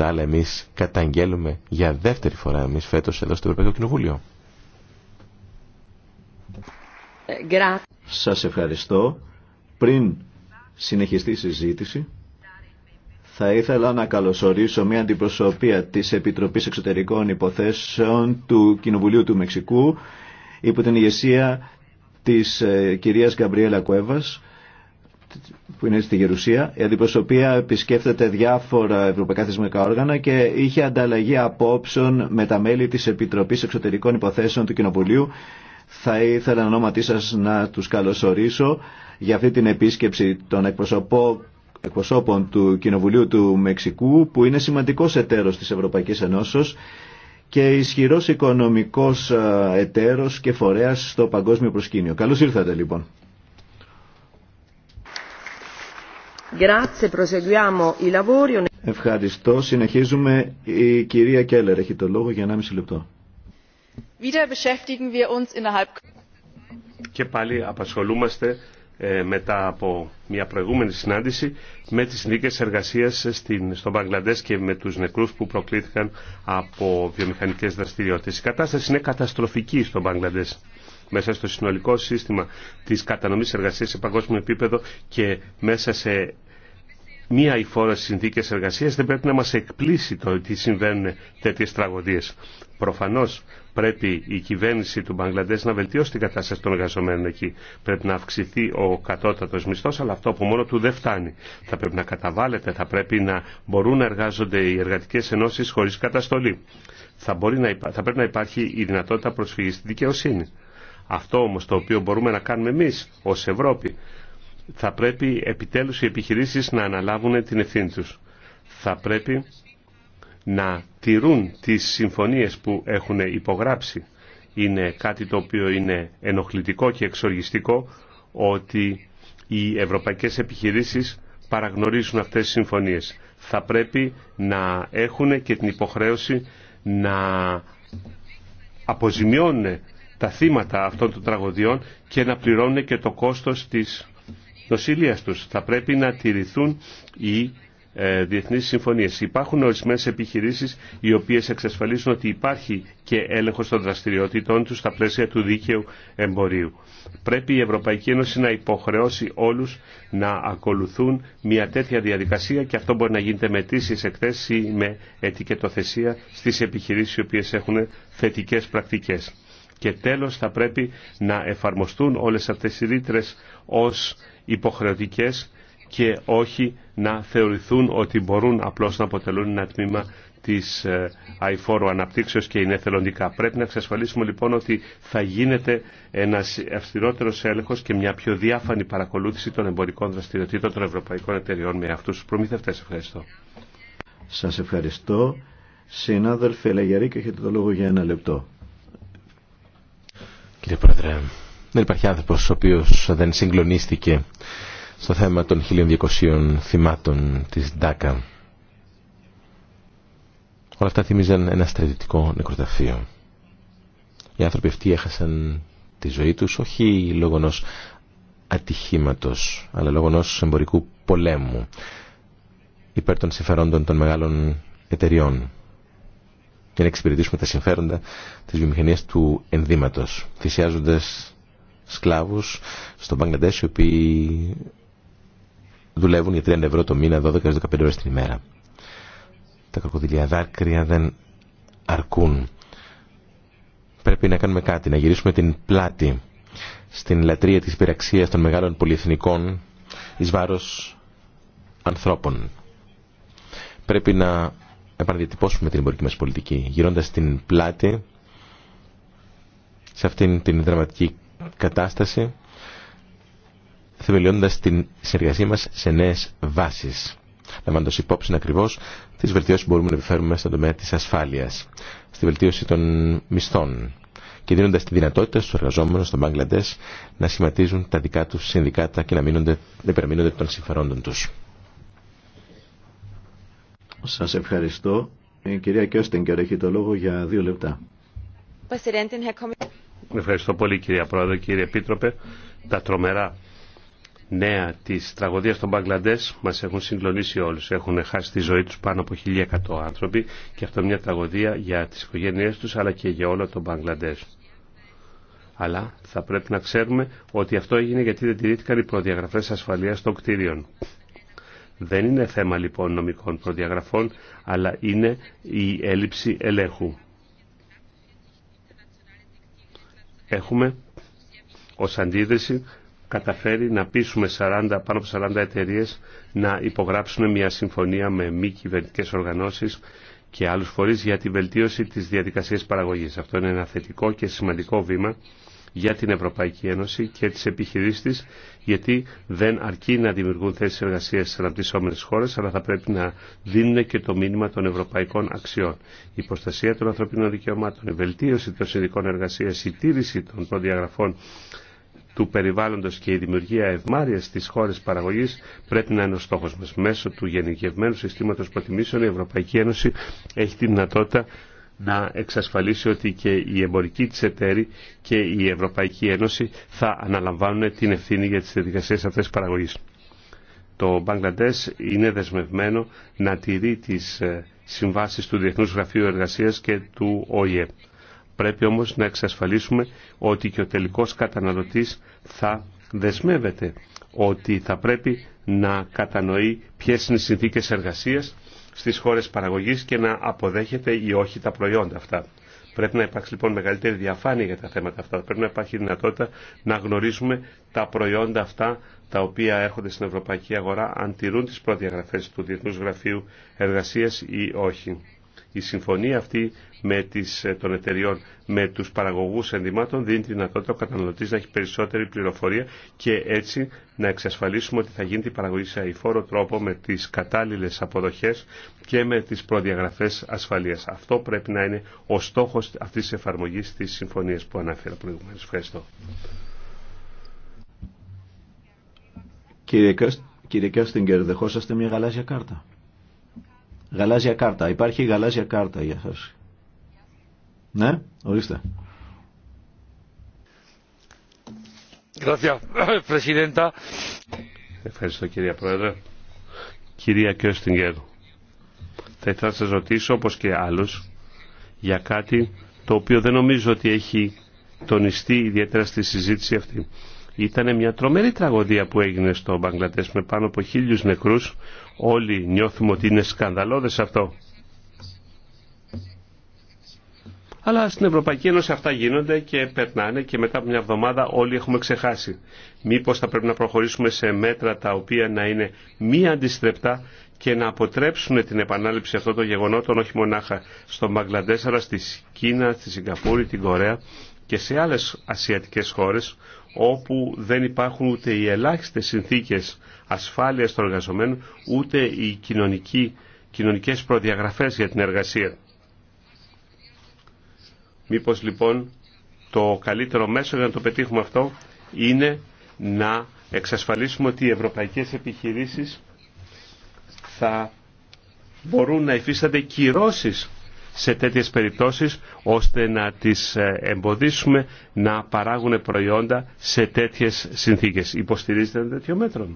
Τα άλλα εμεί καταγγέλουμε για δεύτερη φορά εμεί φέτο εδώ στο Ευρωπαϊκό Κοινοβούλιο. Σα ευχαριστώ. Πριν συνεχιστεί η συζήτηση, θα ήθελα να καλωσορίσω μια αντιπροσωπεία της Επιτροπής Εξωτερικών Υποθέσεων του Κοινοβουλίου του Μεξικού υπό την ηγεσία της ε, κυρίας Γκαμπριέλα Κουέβας που είναι στη Γερουσία. Η αντιπροσωπεία επισκέφτεται διάφορα ευρωπαϊκά θεσμικά όργανα και είχε ανταλλαγή απόψεων με τα μέλη της Επιτροπής Εξωτερικών Υποθέσεων του Κοινοβουλίου. Θα ήθελα ονόματι σας να τους καλωσορίσω για αυτή την επίσκεψη των εκπροσώπων του Κοινοβουλίου του Μεξικού που είναι σημαντικός εταίρος της Ευρωπαϊκής Ενώσεως και ισχυρός οικονομικός ε, εταίρος και φορέας στο παγκόσμιο προσκήνιο. Καλώς ήρθατε λοιπόν. Ευχαριστώ. Συνεχίζουμε. Η κυρία Κέλλερ έχει το λόγο για 1,5 λεπτό. Και πάλι απασχολούμαστε ε, μετά από μια προηγούμενη συνάντηση με τις συνδίκες εργασίας στην, στο και με τους νεκρούς που προκλήθηκαν από βιομηχανικές δραστηριότητες. Η κατάσταση είναι καταστροφική στο Μπαγκλαντές μέσα στο συνολικό σύστημα της κατανομής εργασίας σε παγκόσμιο επίπεδο και μέσα σε μία φόρα στι συνθήκες εργασίας δεν πρέπει να μας εκπλήσει το ότι συμβαίνουν τέτοιες τραγωδίες. Προφανώς πρέπει η κυβέρνηση του Μπαγκλαντές να βελτιώσει την κατάσταση των εργαζομένων εκεί. Πρέπει να αυξηθεί ο κατώτατος μισθός, αλλά αυτό από μόνο του δεν φτάνει. Θα πρέπει να καταβάλλεται, θα πρέπει να μπορούν να εργάζονται οι εργατικές ενώσεις χωρίς καταστολή. Θα, να υπά... θα πρέπει να υπάρχει η δυνατότητα προσφυγής στη δικαιοσύνη. Αυτό όμω το οποίο μπορούμε να κάνουμε εμεί ω Ευρώπη θα πρέπει επιτέλους οι επιχειρήσεις να αναλάβουν την ευθύνη τους. Θα πρέπει να τηρούν τις συμφωνίες που έχουν υπογράψει. Είναι κάτι το οποίο είναι ενοχλητικό και εξοργιστικό ότι οι ευρωπαϊκές επιχειρήσεις παραγνωρίζουν αυτές τις συμφωνίες. Θα πρέπει να έχουν και την υποχρέωση να αποζημιώνουν τα θύματα αυτών των τραγωδιών και να πληρώνουν και το κόστος της νοσηλείας τους. Θα πρέπει να τηρηθούν οι ε, διεθνείς συμφωνίες. Υπάρχουν ορισμένες επιχειρήσεις οι οποίες εξασφαλίσουν ότι υπάρχει και έλεγχος των δραστηριοτήτων τους στα πλαίσια του δίκαιου εμπορίου. Πρέπει η Ευρωπαϊκή Ένωση να υποχρεώσει όλους να ακολουθούν μια τέτοια διαδικασία και αυτό μπορεί να γίνεται με τήσεις εκθέσεις ή με ετικετοθεσία στις επιχειρήσεις οι οποίες έχουν θετικές πρακτικές. Και τέλος θα πρέπει να εφαρμοστούν όλες αυτές οι ρήτρες ως υποχρεωτικές και όχι να θεωρηθούν ότι μπορούν απλώς να αποτελούν ένα τμήμα της ε, αηφόρου αναπτύξεως και είναι θελοντικά. Πρέπει να εξασφαλίσουμε λοιπόν ότι θα γίνεται ένας αυστηρότερος έλεγχος και μια πιο διάφανη παρακολούθηση των εμπορικών δραστηριοτήτων των ευρωπαϊκών εταιριών με αυτούς τους προμηθευτές. Ευχαριστώ. Σας ευχαριστώ. Συνάδελφε Λαγιαρίκη, έχετε το λόγο για ένα λεπτό. Κύριε Πρόεδρε, δεν υπάρχει άνθρωπος ο οποίος δεν συγκλονίστηκε στο θέμα των 1200 θυμάτων της Ντάκα. Όλα αυτά θυμίζαν ένα στρατητικό νεκροταφείο. Οι άνθρωποι αυτοί έχασαν τη ζωή τους όχι λόγω ενός ατυχήματος, αλλά λόγω ενός εμπορικού πολέμου υπέρ των συμφερόντων των μεγάλων εταιριών για να εξυπηρετήσουμε τα συμφέροντα της βιομηχανίας του ενδύματος, θυσιάζοντας σκλάβους στο Μπαγκλαντές οι οποίοι δουλεύουν για 30 ευρώ το μήνα 12-15 ώρες την ημέρα. Τα κροκοδιλιά δάκρυα δεν αρκούν. Πρέπει να κάνουμε κάτι, να γυρίσουμε την πλάτη στην λατρεία της υπεραξίας των μεγάλων πολυεθνικών εις βάρος ανθρώπων. Πρέπει να επαναδιατυπώσουμε την εμπορική μας πολιτική, γυρώντα την πλάτη σε αυτήν την δραματική κατάσταση θεμελιώνοντας την συνεργασία μας σε νέες βάσεις. Λαμβάνοντας υπόψη ακριβώς τις βελτιώσεις που μπορούμε να επιφέρουμε στον τομέα της ασφάλειας, στη βελτίωση των μισθών και δίνοντας τη δυνατότητα στους εργαζόμενους στον Μπαγκλαντές να σχηματίζουν τα δικά τους συνδικάτα και να, μείνονται, να υπερμείνονται των συμφερόντων τους. Σας ευχαριστώ. Η ε, κυρία Κιώστιγκερ έχει το λόγο για δύο λεπτά. Ευχαριστώ πολύ κυρία Πρόεδρε, κύριε Επίτροπε. Τα τρομερά νέα της τραγωδίας των Μπαγκλαντές μας έχουν συγκλονίσει όλους. Έχουν χάσει τη ζωή τους πάνω από 1.100 άνθρωποι και αυτό είναι μια τραγωδία για τις οικογένειές τους αλλά και για όλο τον Μπαγκλαντές. Αλλά θα πρέπει να ξέρουμε ότι αυτό έγινε γιατί δεν τηρήθηκαν οι προδιαγραφές ασφαλείας των κτίριων. Δεν είναι θέμα λοιπόν νομικών προδιαγραφών, αλλά είναι η έλλειψη ελέγχου. έχουμε ως αντίδραση καταφέρει να πείσουμε 40, πάνω από 40 εταιρείε να υπογράψουν μια συμφωνία με μη κυβερνητικέ οργανώσει και άλλου φορεί για τη βελτίωση τη διαδικασία παραγωγή. Αυτό είναι ένα θετικό και σημαντικό βήμα για την Ευρωπαϊκή Ένωση και τις επιχειρήσεις της, γιατί δεν αρκεί να δημιουργούν θέσεις εργασίας στις αναπτυσσόμενες χώρες, αλλά θα πρέπει να δίνουν και το μήνυμα των ευρωπαϊκών αξιών. Η προστασία των ανθρωπίνων δικαιωμάτων, η βελτίωση των συνδικών εργασίας, η τήρηση των προδιαγραφών του περιβάλλοντος και η δημιουργία ευμάρειας στις χώρες παραγωγής πρέπει να είναι ο στόχος μας. Μέσω του γενικευμένου συστήματος προτιμήσεων η Ευρωπαϊκή Ένωση έχει τη δυνατότητα να εξασφαλίσει ότι και η εμπορική της εταίροι και η Ευρωπαϊκή Ένωση θα αναλαμβάνουν την ευθύνη για τις διαδικασίες αυτές της παραγωγής. Το Μπαγκλαντές είναι δεσμευμένο να τηρεί τις ε, συμβάσεις του Διεθνούς Γραφείου Εργασίας και του ΟΗΕ. Πρέπει όμως να εξασφαλίσουμε ότι και ο τελικός καταναλωτής θα δεσμεύεται ότι θα πρέπει να κατανοεί ποιες είναι οι συνθήκες εργασίας στις χώρες παραγωγής και να αποδέχεται ή όχι τα προϊόντα αυτά. Πρέπει να υπάρξει λοιπόν μεγαλύτερη διαφάνεια για τα θέματα αυτά. Πρέπει να υπάρχει δυνατότητα να γνωρίζουμε τα προϊόντα αυτά τα οποία έρχονται στην ευρωπαϊκή αγορά αν τηρούν τις προδιαγραφές του Διεθνούς Γραφείου Εργασίας ή όχι. Η συμφωνία αυτή με τις, ε, των εταιριών με τους παραγωγούς ενδυμάτων δίνει τη δυνατότητα ο καταναλωτής να έχει περισσότερη πληροφορία και έτσι να εξασφαλίσουμε ότι θα γίνει η παραγωγή σε αηφόρο τρόπο με τις κατάλληλες αποδοχές και με τις προδιαγραφές ασφαλείας. Αυτό πρέπει να είναι ο στόχος αυτής της εφαρμογής της συμφωνίας που ανάφερα προηγουμένως. Ευχαριστώ. Κύριε Κέστιγκερ, δεχόσαστε μια γαλάζια κάρτα. Γαλάζια κάρτα. Υπάρχει γαλάζια κάρτα για σας. Ναι, ορίστε. Ευχαριστώ κυρία Πρόεδρε. Κυρία Κιώστιγκερ, θα ήθελα να σας ρωτήσω όπως και άλλους για κάτι το οποίο δεν νομίζω ότι έχει τονιστεί ιδιαίτερα στη συζήτηση αυτή. Ήταν μια τρομερή τραγωδία που έγινε στο Μπαγκλατές με πάνω από χίλιους νεκρούς. Όλοι νιώθουμε ότι είναι σκανδαλώδες αυτό. Αλλά στην Ευρωπαϊκή Ένωση αυτά γίνονται και περνάνε και μετά από μια εβδομάδα όλοι έχουμε ξεχάσει. Μήπως θα πρέπει να προχωρήσουμε σε μέτρα τα οποία να είναι μη αντιστρεπτά και να αποτρέψουν την επανάληψη αυτών των γεγονότων όχι μονάχα στο Μπαγκλαντές αλλά στη Κίνα, στη Σιγκαπούρη, την Κορέα και σε άλλες ασιατικές χώρες όπου δεν υπάρχουν ούτε οι ελάχιστες συνθήκες ασφάλειας των εργαζομένων, ούτε οι κοινωνικοί, κοινωνικές προδιαγραφές για την εργασία. Μήπως λοιπόν το καλύτερο μέσο για να το πετύχουμε αυτό είναι να εξασφαλίσουμε ότι οι ευρωπαϊκές επιχειρήσεις θα μπορούν να υφίστανται κυρώσεις σε τέτοιες περιπτώσεις ώστε να τις ε, εμποδίσουμε να παράγουν προϊόντα σε τέτοιες συνθήκες. Υποστηρίζετε ένα τέτοιο μέτρο.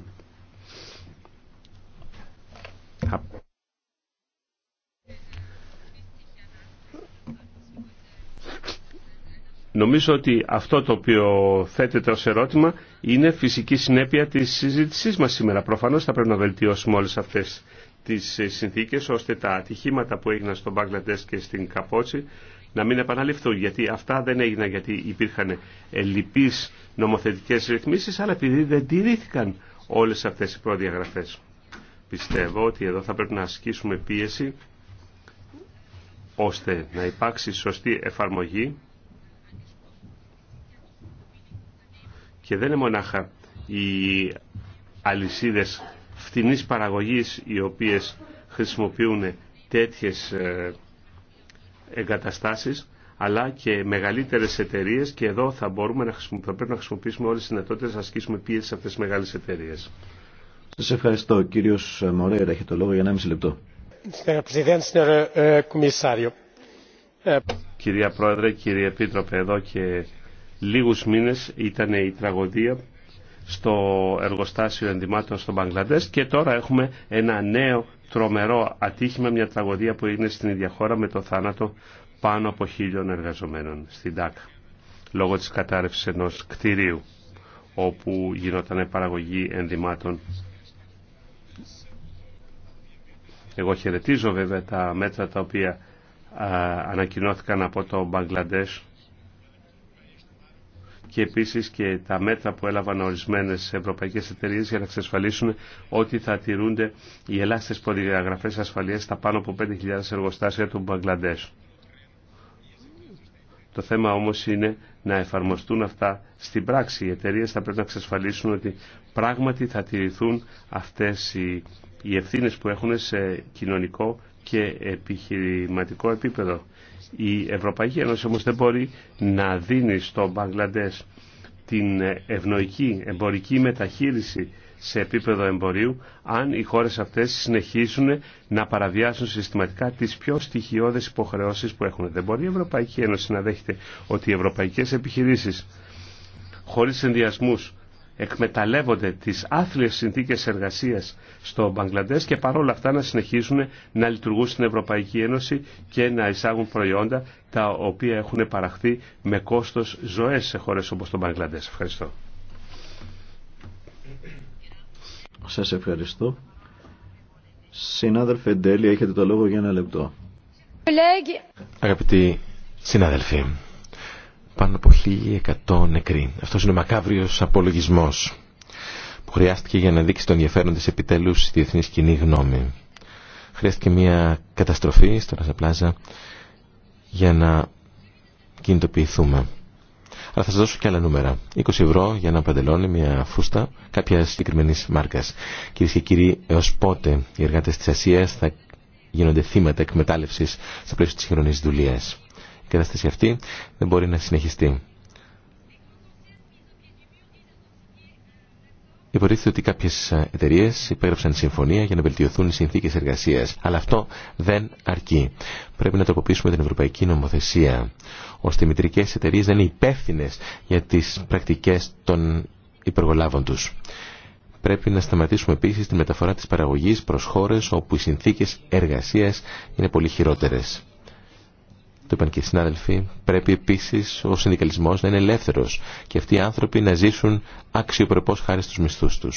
Νομίζω ότι αυτό το οποίο θέτεται ως ερώτημα είναι φυσική συνέπεια της συζήτησής μας σήμερα. Προφανώς θα πρέπει να βελτιώσουμε όλες αυτές τις ε, συνθήκες ώστε τα ατυχήματα που έγιναν στο Μπαγκλαντές και στην Καπότσι να μην επαναληφθούν. Γιατί αυτά δεν έγιναν γιατί υπήρχαν ε, ελλειπείς νομοθετικές ρυθμίσεις αλλά επειδή δεν τηρήθηκαν όλες αυτές οι προδιαγραφές. Πιστεύω ότι εδώ θα πρέπει να ασκήσουμε πίεση ώστε να υπάρξει σωστή εφαρμογή και δεν είναι μονάχα οι αλυσίδες φτηνής παραγωγής οι οποίες χρησιμοποιούν τέτοιες ε, εγκαταστάσεις αλλά και μεγαλύτερες εταιρείες και εδώ θα, μπορούμε να πρέπει να χρησιμοποιήσουμε όλες τις δυνατότητες να ασκήσουμε πίεση σε αυτές τις μεγάλες εταιρείες. Σας ευχαριστώ. Κύριος Μωρέρα έχει το λόγο για 1,5 λεπτό. Ε, ε, Κυρία Πρόεδρε, κύριε Επίτροπε, εδώ και λίγους μήνες ήταν η τραγωδία στο εργοστάσιο ενδυμάτων στο Μπαγκλαντές και τώρα έχουμε ένα νέο τρομερό ατύχημα, μια τραγωδία που έγινε στην ίδια χώρα με το θάνατο πάνω από χίλιων εργαζομένων στην ΤΑΚ λόγω της κατάρρευσης ενός κτηρίου όπου γινόταν παραγωγή ενδυμάτων. Εγώ χαιρετίζω βέβαια τα μέτρα τα οποία ανακοινώθηκαν από το Μπαγκλαντές και επίσης και τα μέτρα που έλαβαν ορισμένες ευρωπαϊκές εταιρείες για να εξασφαλίσουν ότι θα τηρούνται οι ελάχιστες προδιαγραφές ασφαλείας στα πάνω από 5.000 εργοστάσια του Μπαγκλαντές. Το θέμα όμως είναι να εφαρμοστούν αυτά στην πράξη. Οι εταιρείε θα πρέπει να εξασφαλίσουν ότι πράγματι θα τηρηθούν αυτές οι, οι ευθύνε που έχουν σε κοινωνικό και επιχειρηματικό επίπεδο. Η Ευρωπαϊκή Ένωση όμως δεν μπορεί να δίνει στο Μπαγκλαντές την ευνοϊκή εμπορική μεταχείριση σε επίπεδο εμπορίου αν οι χώρες αυτές συνεχίσουν να παραβιάσουν συστηματικά τις πιο στοιχειώδες υποχρεώσεις που έχουν. Δεν μπορεί η Ευρωπαϊκή Ένωση να δέχεται ότι οι ευρωπαϊκές επιχειρήσεις χωρίς συνδυασμούς εκμεταλλεύονται τις άθλιες συνθήκες εργασίας στο Μπαγκλαντές και παρόλα αυτά να συνεχίζουν να λειτουργούν στην Ευρωπαϊκή Ένωση και να εισάγουν προϊόντα τα οποία έχουν παραχθεί με κόστος ζωές σε χώρες όπως το Μπαγκλαντές. Ευχαριστώ. Σας ευχαριστώ. Συνάδελφε Ντέλη, έχετε το λόγο για ένα λεπτό. Αγαπητοί συνάδελφοι, πάνω από 1.100 νεκροί. Αυτός είναι ο μακάβριος απολογισμός που χρειάστηκε για να δείξει τον ενδιαφέρον της επιτέλους στη διεθνή κοινή γνώμη. Χρειάστηκε μια καταστροφή στο Ραζαπλάζα για να κινητοποιηθούμε. Αλλά θα σας δώσω και άλλα νούμερα. 20 ευρώ για ένα παντελόνι, μια φούστα, κάποια συγκεκριμένη μάρκα. Κυρίε και κύριοι, έω πότε οι εργάτε τη Ασία θα γίνονται θύματα εκμετάλλευση στα πλαίσια τη χειρονή δουλεία κατάσταση αυτή δεν μπορεί να συνεχιστεί. Υποτίθεται ότι κάποιε εταιρείε υπέγραψαν συμφωνία για να βελτιωθούν οι συνθήκε εργασία. Αλλά αυτό δεν αρκεί. Πρέπει να τροποποιήσουμε την ευρωπαϊκή νομοθεσία, ώστε οι μητρικέ εταιρείε να είναι υπεύθυνε για τι πρακτικέ των υπεργολάβων του. Πρέπει να σταματήσουμε επίση τη μεταφορά τη παραγωγή προ χώρε όπου οι συνθήκε εργασία είναι πολύ χειρότερε το είπαν και οι συνάδελφοι, πρέπει επίση ο συνδικαλισμός να είναι ελεύθερος και αυτοί οι άνθρωποι να ζήσουν αξιοπρεπώς χάρη στου μισθού του.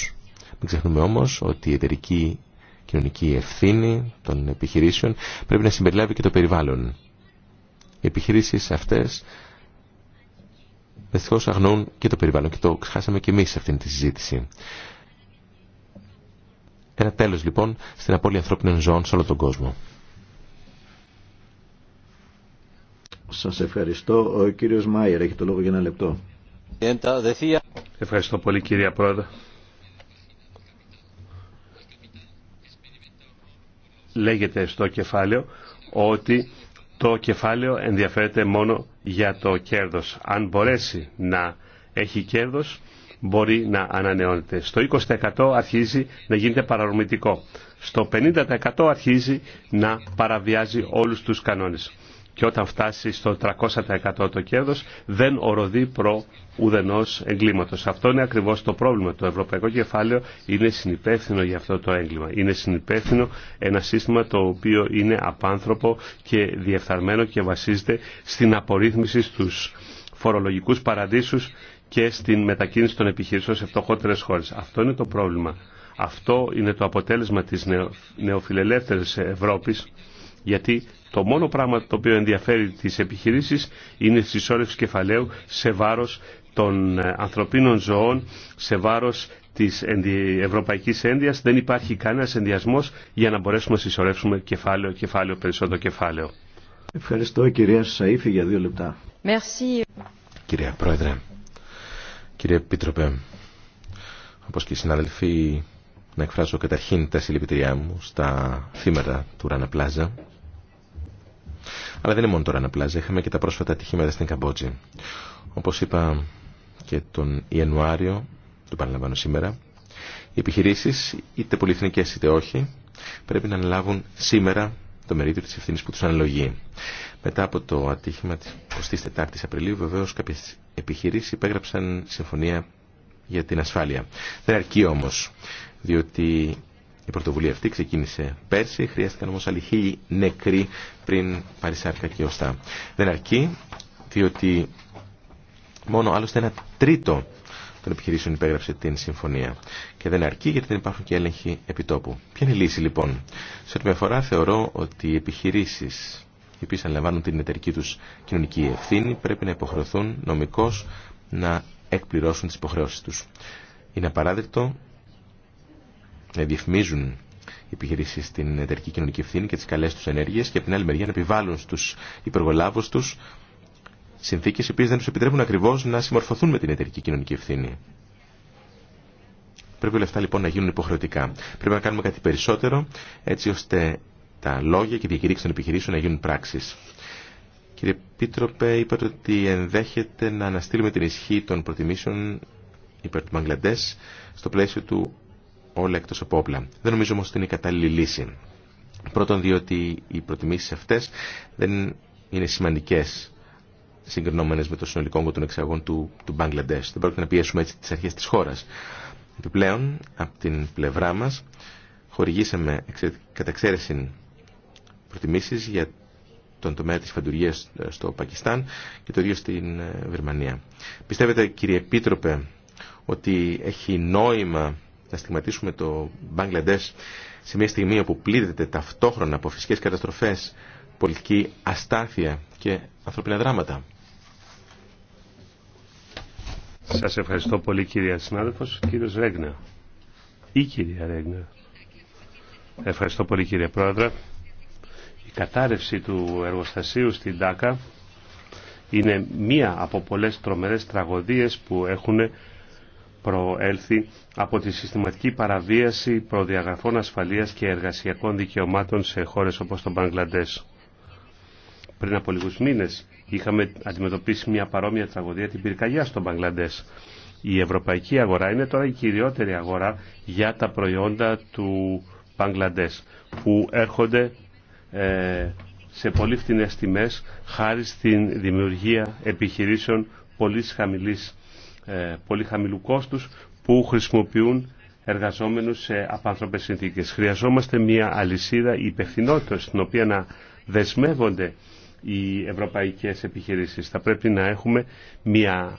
Μην ξεχνούμε όμω ότι η εταιρική κοινωνική ευθύνη των επιχειρήσεων πρέπει να συμπεριλάβει και το περιβάλλον. Οι επιχειρήσεις αυτέ δυστυχώ αγνοούν και το περιβάλλον και το ξεχάσαμε και εμεί σε αυτήν τη συζήτηση. Ένα τέλος λοιπόν στην απώλεια ανθρώπινων ζώων σε όλο τον κόσμο. Σας ευχαριστώ. Ο κύριος Μάιερ έχει το λόγο για ένα λεπτό. Ευχαριστώ πολύ κύριε Πρόεδρε. Λέγεται στο κεφάλαιο ότι το κεφάλαιο ενδιαφέρεται μόνο για το κέρδος. Αν μπορέσει να έχει κέρδος, μπορεί να ανανεώνεται. Στο 20% αρχίζει να γίνεται παραρμητικό. Στο 50% αρχίζει να παραβιάζει όλους τους κανόνες και όταν φτάσει στο 300% το κέρδος δεν οροδεί προ ουδενός εγκλήματος. Αυτό είναι ακριβώς το πρόβλημα. Το ευρωπαϊκό κεφάλαιο είναι συνυπεύθυνο για αυτό το έγκλημα. Είναι συνυπεύθυνο ένα σύστημα το οποίο είναι απάνθρωπο και διεφθαρμένο και βασίζεται στην απορρίθμιση στους φορολογικούς παραδείσους και στην μετακίνηση των επιχειρήσεων σε φτωχότερες χώρες. Αυτό είναι το πρόβλημα. Αυτό είναι το αποτέλεσμα της νεοφιλελεύθερης Ευρώπης γιατί το μόνο πράγμα το οποίο ενδιαφέρει τις επιχειρήσεις είναι η συσσόρευση κεφαλαίου σε βάρος των ε, ανθρωπίνων ζωών, σε βάρος της ευρωπαϊκής ένδυας. Δεν υπάρχει κανένας ενδιασμός για να μπορέσουμε να συσσωρεύσουμε κεφάλαιο, κεφάλαιο, περισσότερο κεφάλαιο. Ευχαριστώ κυρία Σαΐφη για δύο λεπτά. Merci. Κυρία Πρόεδρε, κύριε Επίτροπε, όπως και οι συναδελφοί, να εκφράσω καταρχήν τα συλληπιτήριά μου στα θύματα του Ραναπλάζα. Αλλά δεν είναι μόνο τώρα πλάζει. Είχαμε και τα πρόσφατα ατυχήματα στην Καμπότζη. Όπως είπα και τον Ιανουάριο, το παραλαμβάνω σήμερα, οι επιχειρήσεις, είτε πολυεθνικέ είτε όχι, πρέπει να αναλάβουν σήμερα το μερίδιο της ευθύνης που τους αναλογεί. Μετά από το ατύχημα τη 24 η Απριλίου, βεβαίω κάποιε επιχειρήσει υπέγραψαν συμφωνία για την ασφάλεια. Δεν αρκεί όμως, διότι η πρωτοβουλία αυτή ξεκίνησε πέρσι, χρειάστηκαν όμως άλλοι χίλιοι νεκροί πριν πάρει σάρκα και ωστά. Δεν αρκεί, διότι μόνο άλλωστε ένα τρίτο των επιχειρήσεων υπέγραψε την συμφωνία. Και δεν αρκεί γιατί δεν υπάρχουν και έλεγχοι επιτόπου. Ποια είναι η λύση λοιπόν. Σε ό,τι με αφορά θεωρώ ότι οι επιχειρήσει οι οποίε αναλαμβάνουν την εταιρική του κοινωνική ευθύνη πρέπει να υποχρεωθούν νομικώ να εκπληρώσουν τι υποχρεώσει του. Είναι απαράδεκτο να διεφημίζουν οι επιχειρήσει στην εταιρική κοινωνική ευθύνη και τι καλέ του ενέργειε και από την άλλη μεριά να επιβάλλουν στου υπεργολάβου του συνθήκε οι οποίε δεν του επιτρέπουν ακριβώ να συμμορφωθούν με την εταιρική κοινωνική ευθύνη. Πρέπει όλα αυτά λοιπόν να γίνουν υποχρεωτικά. Πρέπει να κάνουμε κάτι περισσότερο έτσι ώστε τα λόγια και οι διακηρύξει των επιχειρήσεων να γίνουν πράξει. Κύριε Πίτροπε, είπατε ότι ενδέχεται να αναστείλουμε την ισχύ των προτιμήσεων υπέρ του Μαγκλαντέ στο πλαίσιο του όλα εκτό από όπλα. Δεν νομίζω όμω ότι είναι η κατάλληλη λύση. Πρώτον διότι οι προτιμήσει αυτέ δεν είναι σημαντικέ συγκρινόμενε με το συνολικό όγκο των εξαγών του, του Μπαγκλαντές. Δεν πρόκειται να πιέσουμε έτσι τι αρχέ τη χώρα. Επιπλέον, από την πλευρά μα, χορηγήσαμε κατά εξαίρεση προτιμήσεις για τον τομέα τη φαντουργία ε, στο Πακιστάν και το ίδιο στην ε, Βερμανία. Πιστεύετε, κύριε Επίτροπε, ότι έχει νόημα να στιγματίσουμε το Μπαγκλαντές σε μια στιγμή όπου πλήρεται ταυτόχρονα από φυσικές καταστροφές, πολιτική αστάθεια και ανθρωπινά δράματα. Σας ευχαριστώ πολύ κυρία συνάδελφος, κύριος Ρέγνα. Ή κυρία Ρέγνα. Ευχαριστώ πολύ κύριε Πρόεδρε. Η κατάρρευση του εργοστασίου στην ΤΑΚΑ είναι μία από πολλές τρομερές τραγωδίες που έχουν προέλθει από τη συστηματική παραβίαση προδιαγραφών ασφαλείας και εργασιακών δικαιωμάτων σε χώρες όπως το Μπαγκλαντές. Πριν από λίγους μήνες είχαμε αντιμετωπίσει μια παρόμοια τραγωδία την πυρκαγιά στο Μπαγκλαντές. Η ευρωπαϊκή αγορά είναι τώρα η κυριότερη αγορά για τα προϊόντα του Μπαγκλαντές που έρχονται ε, σε πολύ φθηνές τιμές χάρη στην δημιουργία επιχειρήσεων πολύ χαμηλής ε, πολύ χαμηλού κόστους που χρησιμοποιούν εργαζόμενους σε απάνθρωπες συνθήκες. Χρειαζόμαστε μια αλυσίδα υπευθυνότητα στην οποία να δεσμεύονται οι ευρωπαϊκές επιχειρήσεις. Θα πρέπει να έχουμε μια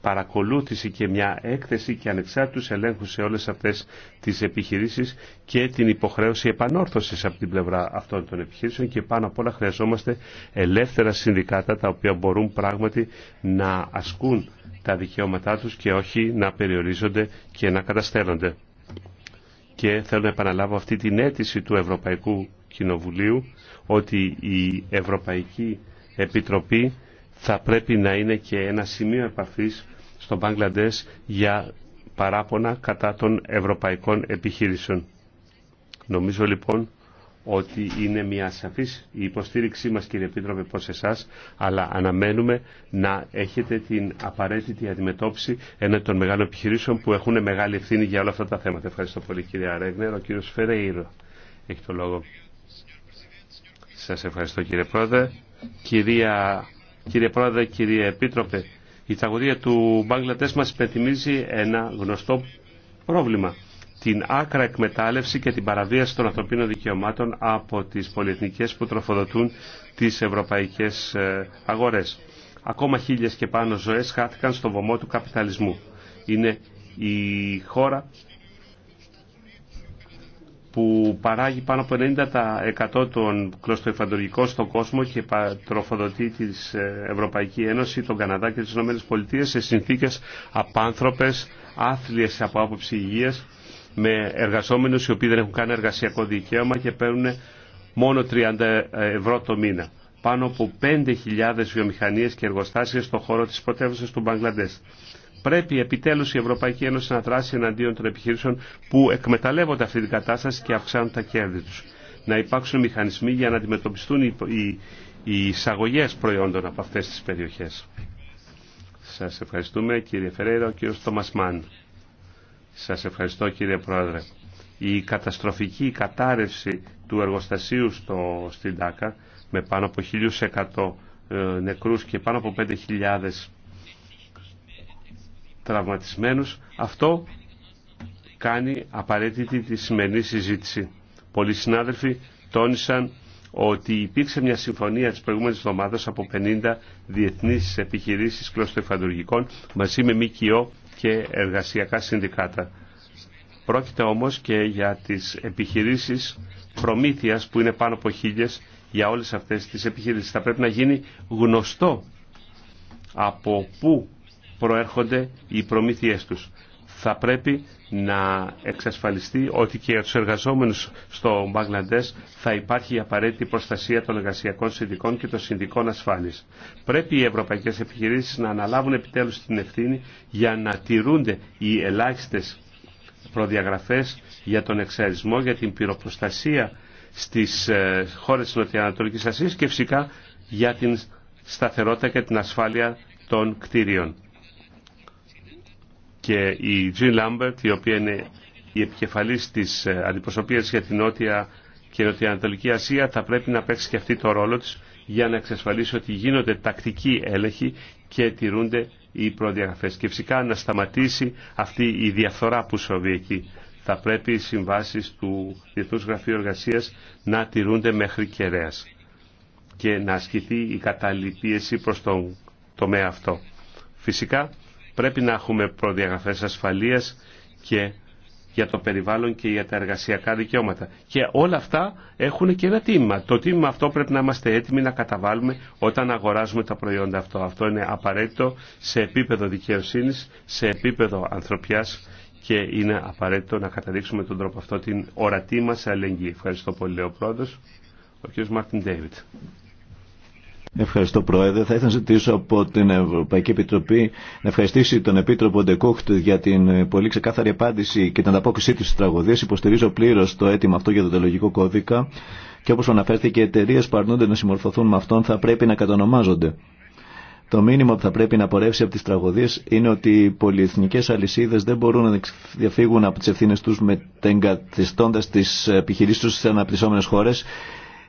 παρακολούθηση και μια έκθεση και ανεξάρτητους ελέγχους σε όλες αυτές τις επιχειρήσεις και την υποχρέωση επανόρθωσης από την πλευρά αυτών των επιχειρήσεων και πάνω απ' όλα χρειαζόμαστε ελεύθερα συνδικάτα τα οποία μπορούν πράγματι να ασκούν τα δικαιώματά τους και όχι να περιορίζονται και να καταστέλλονται. Και θέλω να επαναλάβω αυτή την αίτηση του Ευρωπαϊκού Κοινοβουλίου ότι η Ευρωπαϊκή Επιτροπή θα πρέπει να είναι και ένα σημείο επαφής στον Μπαγκλαντές για παράπονα κατά των ευρωπαϊκών επιχείρησεων. Νομίζω λοιπόν ότι είναι μια σαφής η υποστήριξή μας κύριε Επίτροπε προς εσάς, αλλά αναμένουμε να έχετε την απαραίτητη αντιμετώπιση ένα των μεγάλων επιχειρήσεων που έχουν μεγάλη ευθύνη για όλα αυτά τα θέματα. Ευχαριστώ πολύ κύριε Αρέγνερ. Ο κύριος Φεραίρο έχει το λόγο. Σας ευχαριστώ κύριε Πρόεδρε. Κυρία, κύριε Πρόεδρε, κύριε Επίτροπε, η τραγωδία του Μπαγκλατές μας υπενθυμίζει ένα γνωστό πρόβλημα την άκρα εκμετάλλευση και την παραβίαση των ανθρωπίνων δικαιωμάτων από τις πολυεθνικές που τροφοδοτούν τις ευρωπαϊκές ε, αγορές. Ακόμα χίλιες και πάνω ζωές χάθηκαν στο βωμό του καπιταλισμού. Είναι η χώρα που παράγει πάνω από 90% των κλωστοϊφαντουργικών στον κόσμο και τροφοδοτεί τη ε, Ευρωπαϊκή Ένωση, τον Καναδά και τις ΗΠΑ σε συνθήκες απάνθρωπες, άθλιες από άποψη υγείας με εργαζόμενους οι οποίοι δεν έχουν καν εργασιακό δικαίωμα και παίρνουν μόνο 30 ευρώ το μήνα. Πάνω από 5.000 βιομηχανίες και εργοστάσια στον χώρο της πρωτεύουσας του Μπαγκλαντές. Πρέπει επιτέλους η Ευρωπαϊκή Ένωση να δράσει εναντίον των επιχειρήσεων που εκμεταλλεύονται αυτή την κατάσταση και αυξάνουν τα κέρδη τους. Να υπάρξουν μηχανισμοί για να αντιμετωπιστούν οι, οι εισαγωγές προϊόντων από αυτές τις περιοχές. Σας ευχαριστούμε κύριε Φεραίρα, ο κύριο σας ευχαριστώ κύριε Πρόεδρε. Η καταστροφική κατάρρευση του εργοστασίου στο, στην Τάκα με πάνω από 1.100 ε, νεκρούς και πάνω από 5.000 τραυματισμένους, αυτό κάνει απαραίτητη τη σημερινή συζήτηση. Πολλοί συνάδελφοι τόνισαν ότι υπήρξε μια συμφωνία της προηγούμενης εβδομάδας από 50 διεθνείς επιχειρήσεις κλωστοεφαντουργικών μαζί με ΜΚΟ και εργασιακά συνδικάτα. Πρόκειται όμως και για τις επιχειρήσεις προμήθειας που είναι πάνω από χίλιες για όλες αυτές τις επιχειρήσεις. Θα πρέπει να γίνει γνωστό από πού προέρχονται οι προμήθειές τους θα πρέπει να εξασφαλιστεί ότι και για τους εργαζόμενους στο Μπαγκλαντές θα υπάρχει η απαραίτητη προστασία των εργασιακών συνδικών και των συνδικών ασφάλειας. Πρέπει οι ευρωπαϊκές επιχειρήσεις να αναλάβουν επιτέλους την ευθύνη για να τηρούνται οι ελάχιστες προδιαγραφές για τον εξαρισμό, για την πυροπροστασία στις ε, χώρες της Νοτιοανατολικής Ασίας και φυσικά για την σταθερότητα και την ασφάλεια των κτίριων και η Τζιν Λάμπερτ, η οποία είναι η επικεφαλής της ε, αντιπροσωπείας για την Νότια και Νοτιοανατολική Ασία, θα πρέπει να παίξει και αυτή το ρόλο της για να εξασφαλίσει ότι γίνονται τακτικοί έλεγχοι και τηρούνται οι προδιαγραφές. Και φυσικά να σταματήσει αυτή η διαφθορά που σοβεί εκεί. Θα πρέπει οι συμβάσεις του Διεθνούς Γραφείου Εργασίας να τηρούνται μέχρι κεραίας και να ασκηθεί η κατάλληλη πίεση προς τον τομέα αυτό. Φυσικά Πρέπει να έχουμε προδιαγραφές ασφαλείας και για το περιβάλλον και για τα εργασιακά δικαιώματα. Και όλα αυτά έχουν και ένα τίμημα. Το τίμημα αυτό πρέπει να είμαστε έτοιμοι να καταβάλουμε όταν αγοράζουμε τα προϊόντα αυτό. Αυτό είναι απαραίτητο σε επίπεδο δικαιοσύνης, σε επίπεδο ανθρωπιάς και είναι απαραίτητο να καταδείξουμε τον τρόπο αυτό την ορατή μας αλληλεγγύη. Ευχαριστώ πολύ, ο πρόεδρος, ο κ. Μάρτιν Ντέιβιτ. Ευχαριστώ Πρόεδρε. Θα ήθελα να ζητήσω από την Ευρωπαϊκή Επιτροπή να ευχαριστήσει τον Επίτροπο Ντεκούχτ για την πολύ ξεκάθαρη απάντηση και την ανταπόκρισή της στι τραγωδίε. Υποστηρίζω πλήρω το αίτημα αυτό για τον τελογικό κώδικα και όπω αναφέρθηκε οι εταιρείε που αρνούνται να συμμορφωθούν με αυτόν θα πρέπει να κατονομάζονται. Το μήνυμα που θα πρέπει να πορεύσει από τι τραγωδίε είναι ότι οι πολυεθνικέ αλυσίδε δεν μπορούν να διαφύγουν από τι ευθύνε του μετεγκαθιστώντα τι επιχειρήσει του σε χώρε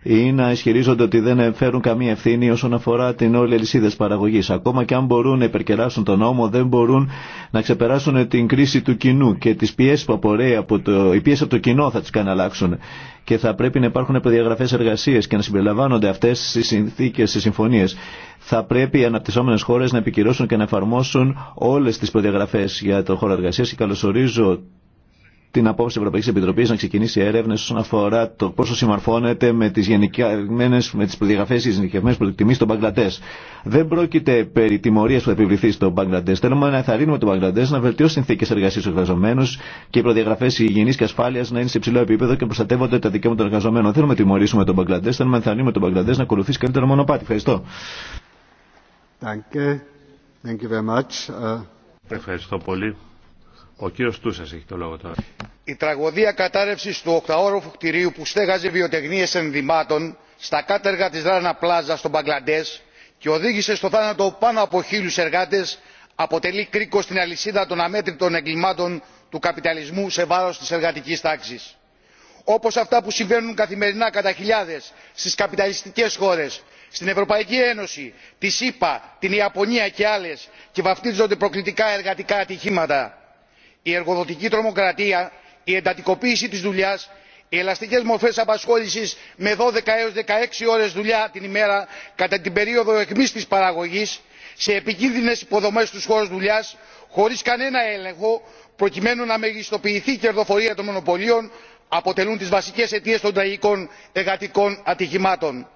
ή να ισχυρίζονται ότι δεν φέρουν καμία ευθύνη όσον αφορά την όλη αλυσίδα παραγωγή. Ακόμα και αν μπορούν να υπερκεράσουν τον νόμο, δεν μπορούν να ξεπεράσουν την κρίση του κοινού και τι πιέσει που απορρέει από το, οι πιέσει από το κοινό θα τι κάνει αλλάξουν. Και θα πρέπει να υπάρχουν προδιαγραφέ εργασία και να συμπεριλαμβάνονται αυτέ στι συνθήκε, στι συμφωνίε. Θα πρέπει οι αναπτυσσόμενε χώρε να επικυρώσουν και να εφαρμόσουν όλε τι προδιαγραφέ για το χώρο εργασία και καλωσορίζω την απόφαση τη Ευρωπαϊκή Επιτροπή να ξεκινήσει έρευνε όσον αφορά το πόσο συμμορφώνεται με τι με τις προδιαγραφέ τη γενικευμένη προτιμής των Μπαγκλαντέ. Δεν πρόκειται περί τιμωρία που θα επιβληθεί στο Μπαγκλαντέ. Θέλουμε να ενθαρρύνουμε τον Μπαγκλαντέ να βελτιώσει συνθήκε εργασία στου εργαζομένου και οι προδιαγραφέ υγιεινή και ασφάλεια να είναι σε υψηλό επίπεδο και προστατεύονται τα δικαιώματα των εργαζομένων. Δεν θέλουμε να τιμωρήσουμε τον Μπαγκλαντέ. Θέλουμε να ενθαρρύνουμε τον Μπαγκλαντέ να ακολουθήσει καλύτερο μονοπάτι. Ευχαριστώ. Thank you. Thank you very much. Ε, Ευχαριστώ πολύ. Ο κύριος Τούσας έχει το λόγο τώρα. Η τραγωδία κατάρρευσης του οκταόροφου κτηρίου που στέγαζε βιοτεχνίες ενδυμάτων στα κάτεργα της Ράνα Πλάζα στο Μπαγκλαντές και οδήγησε στο θάνατο πάνω από χίλιους εργάτες αποτελεί κρίκο στην αλυσίδα των αμέτρητων εγκλημάτων του καπιταλισμού σε βάρος της εργατικής τάξης. Όπως αυτά που συμβαίνουν καθημερινά κατά χιλιάδες στις καπιταλιστικές χώρες, στην Ευρωπαϊκή Ένωση, τη ΣΥΠΑ, την Ιαπωνία και άλλες και βαφτίζονται προκλητικά εργατικά ατυχήματα η εργοδοτική τρομοκρατία η εντατικοποίηση της δουλειάς οι ελαστικές μορφές απασχόλησης με 12 έως 16 ώρες δουλειά την ημέρα κατά την περίοδο αιχμής της παραγωγής σε επικίνδυνες υποδομές στους χώρους δουλειάς χωρίς κανένα έλεγχο προκειμένου να μεγιστοποιηθεί η κερδοφορία των μονοπωλίων αποτελούν τις βασικές αιτίες των τραγικών εργατικών ατυχημάτων.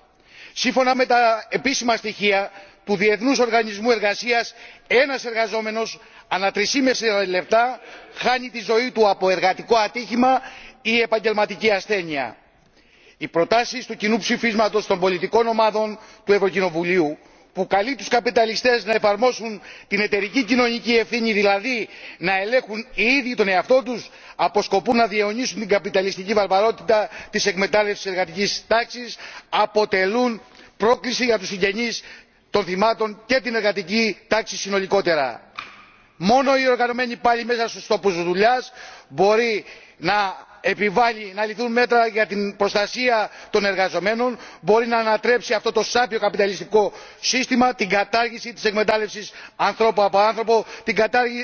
σύμφωνα με τα επίσημα στοιχεία του διεθνούς οργανισμού εργασίας ένας εργαζόμενος ανά τρία λεπτά χάνει τη ζωή του από εργατικό ατύχημα ή επαγγελματική ασθένεια. οι προτάσεις του κοινού ψηφίσματος των πολιτικών ομάδων του ευρωκοινοβουλίου που καλεί τους καπιταλιστές να εφαρμόσουν την εταιρική κοινωνική ευθύνη δηλαδή να ελέγχουν οι ίδιοι τον εαυτό τους αποσκοπούν να διαιωνίσουν την καπιταλιστική βαρβαρότητα της εκμετάλλευσης εργατικής τάξης αποτελούν πρόκληση για τους συγγενείς των θυμάτων και την εργατική τάξη συνολικότερα. μόνο οι οργανωμένοι πάλι μέσα στους τόπους δουλειάς μπορεί να επιβάλλει να ληφθούν μέτρα για την προστασία των εργαζομένων μπορεί να ανατρέψει αυτό το σάπιο καπιταλιστικό σύστημα την κατάργηση της εκμετάλλευσης ανθρώπου από άνθρωπο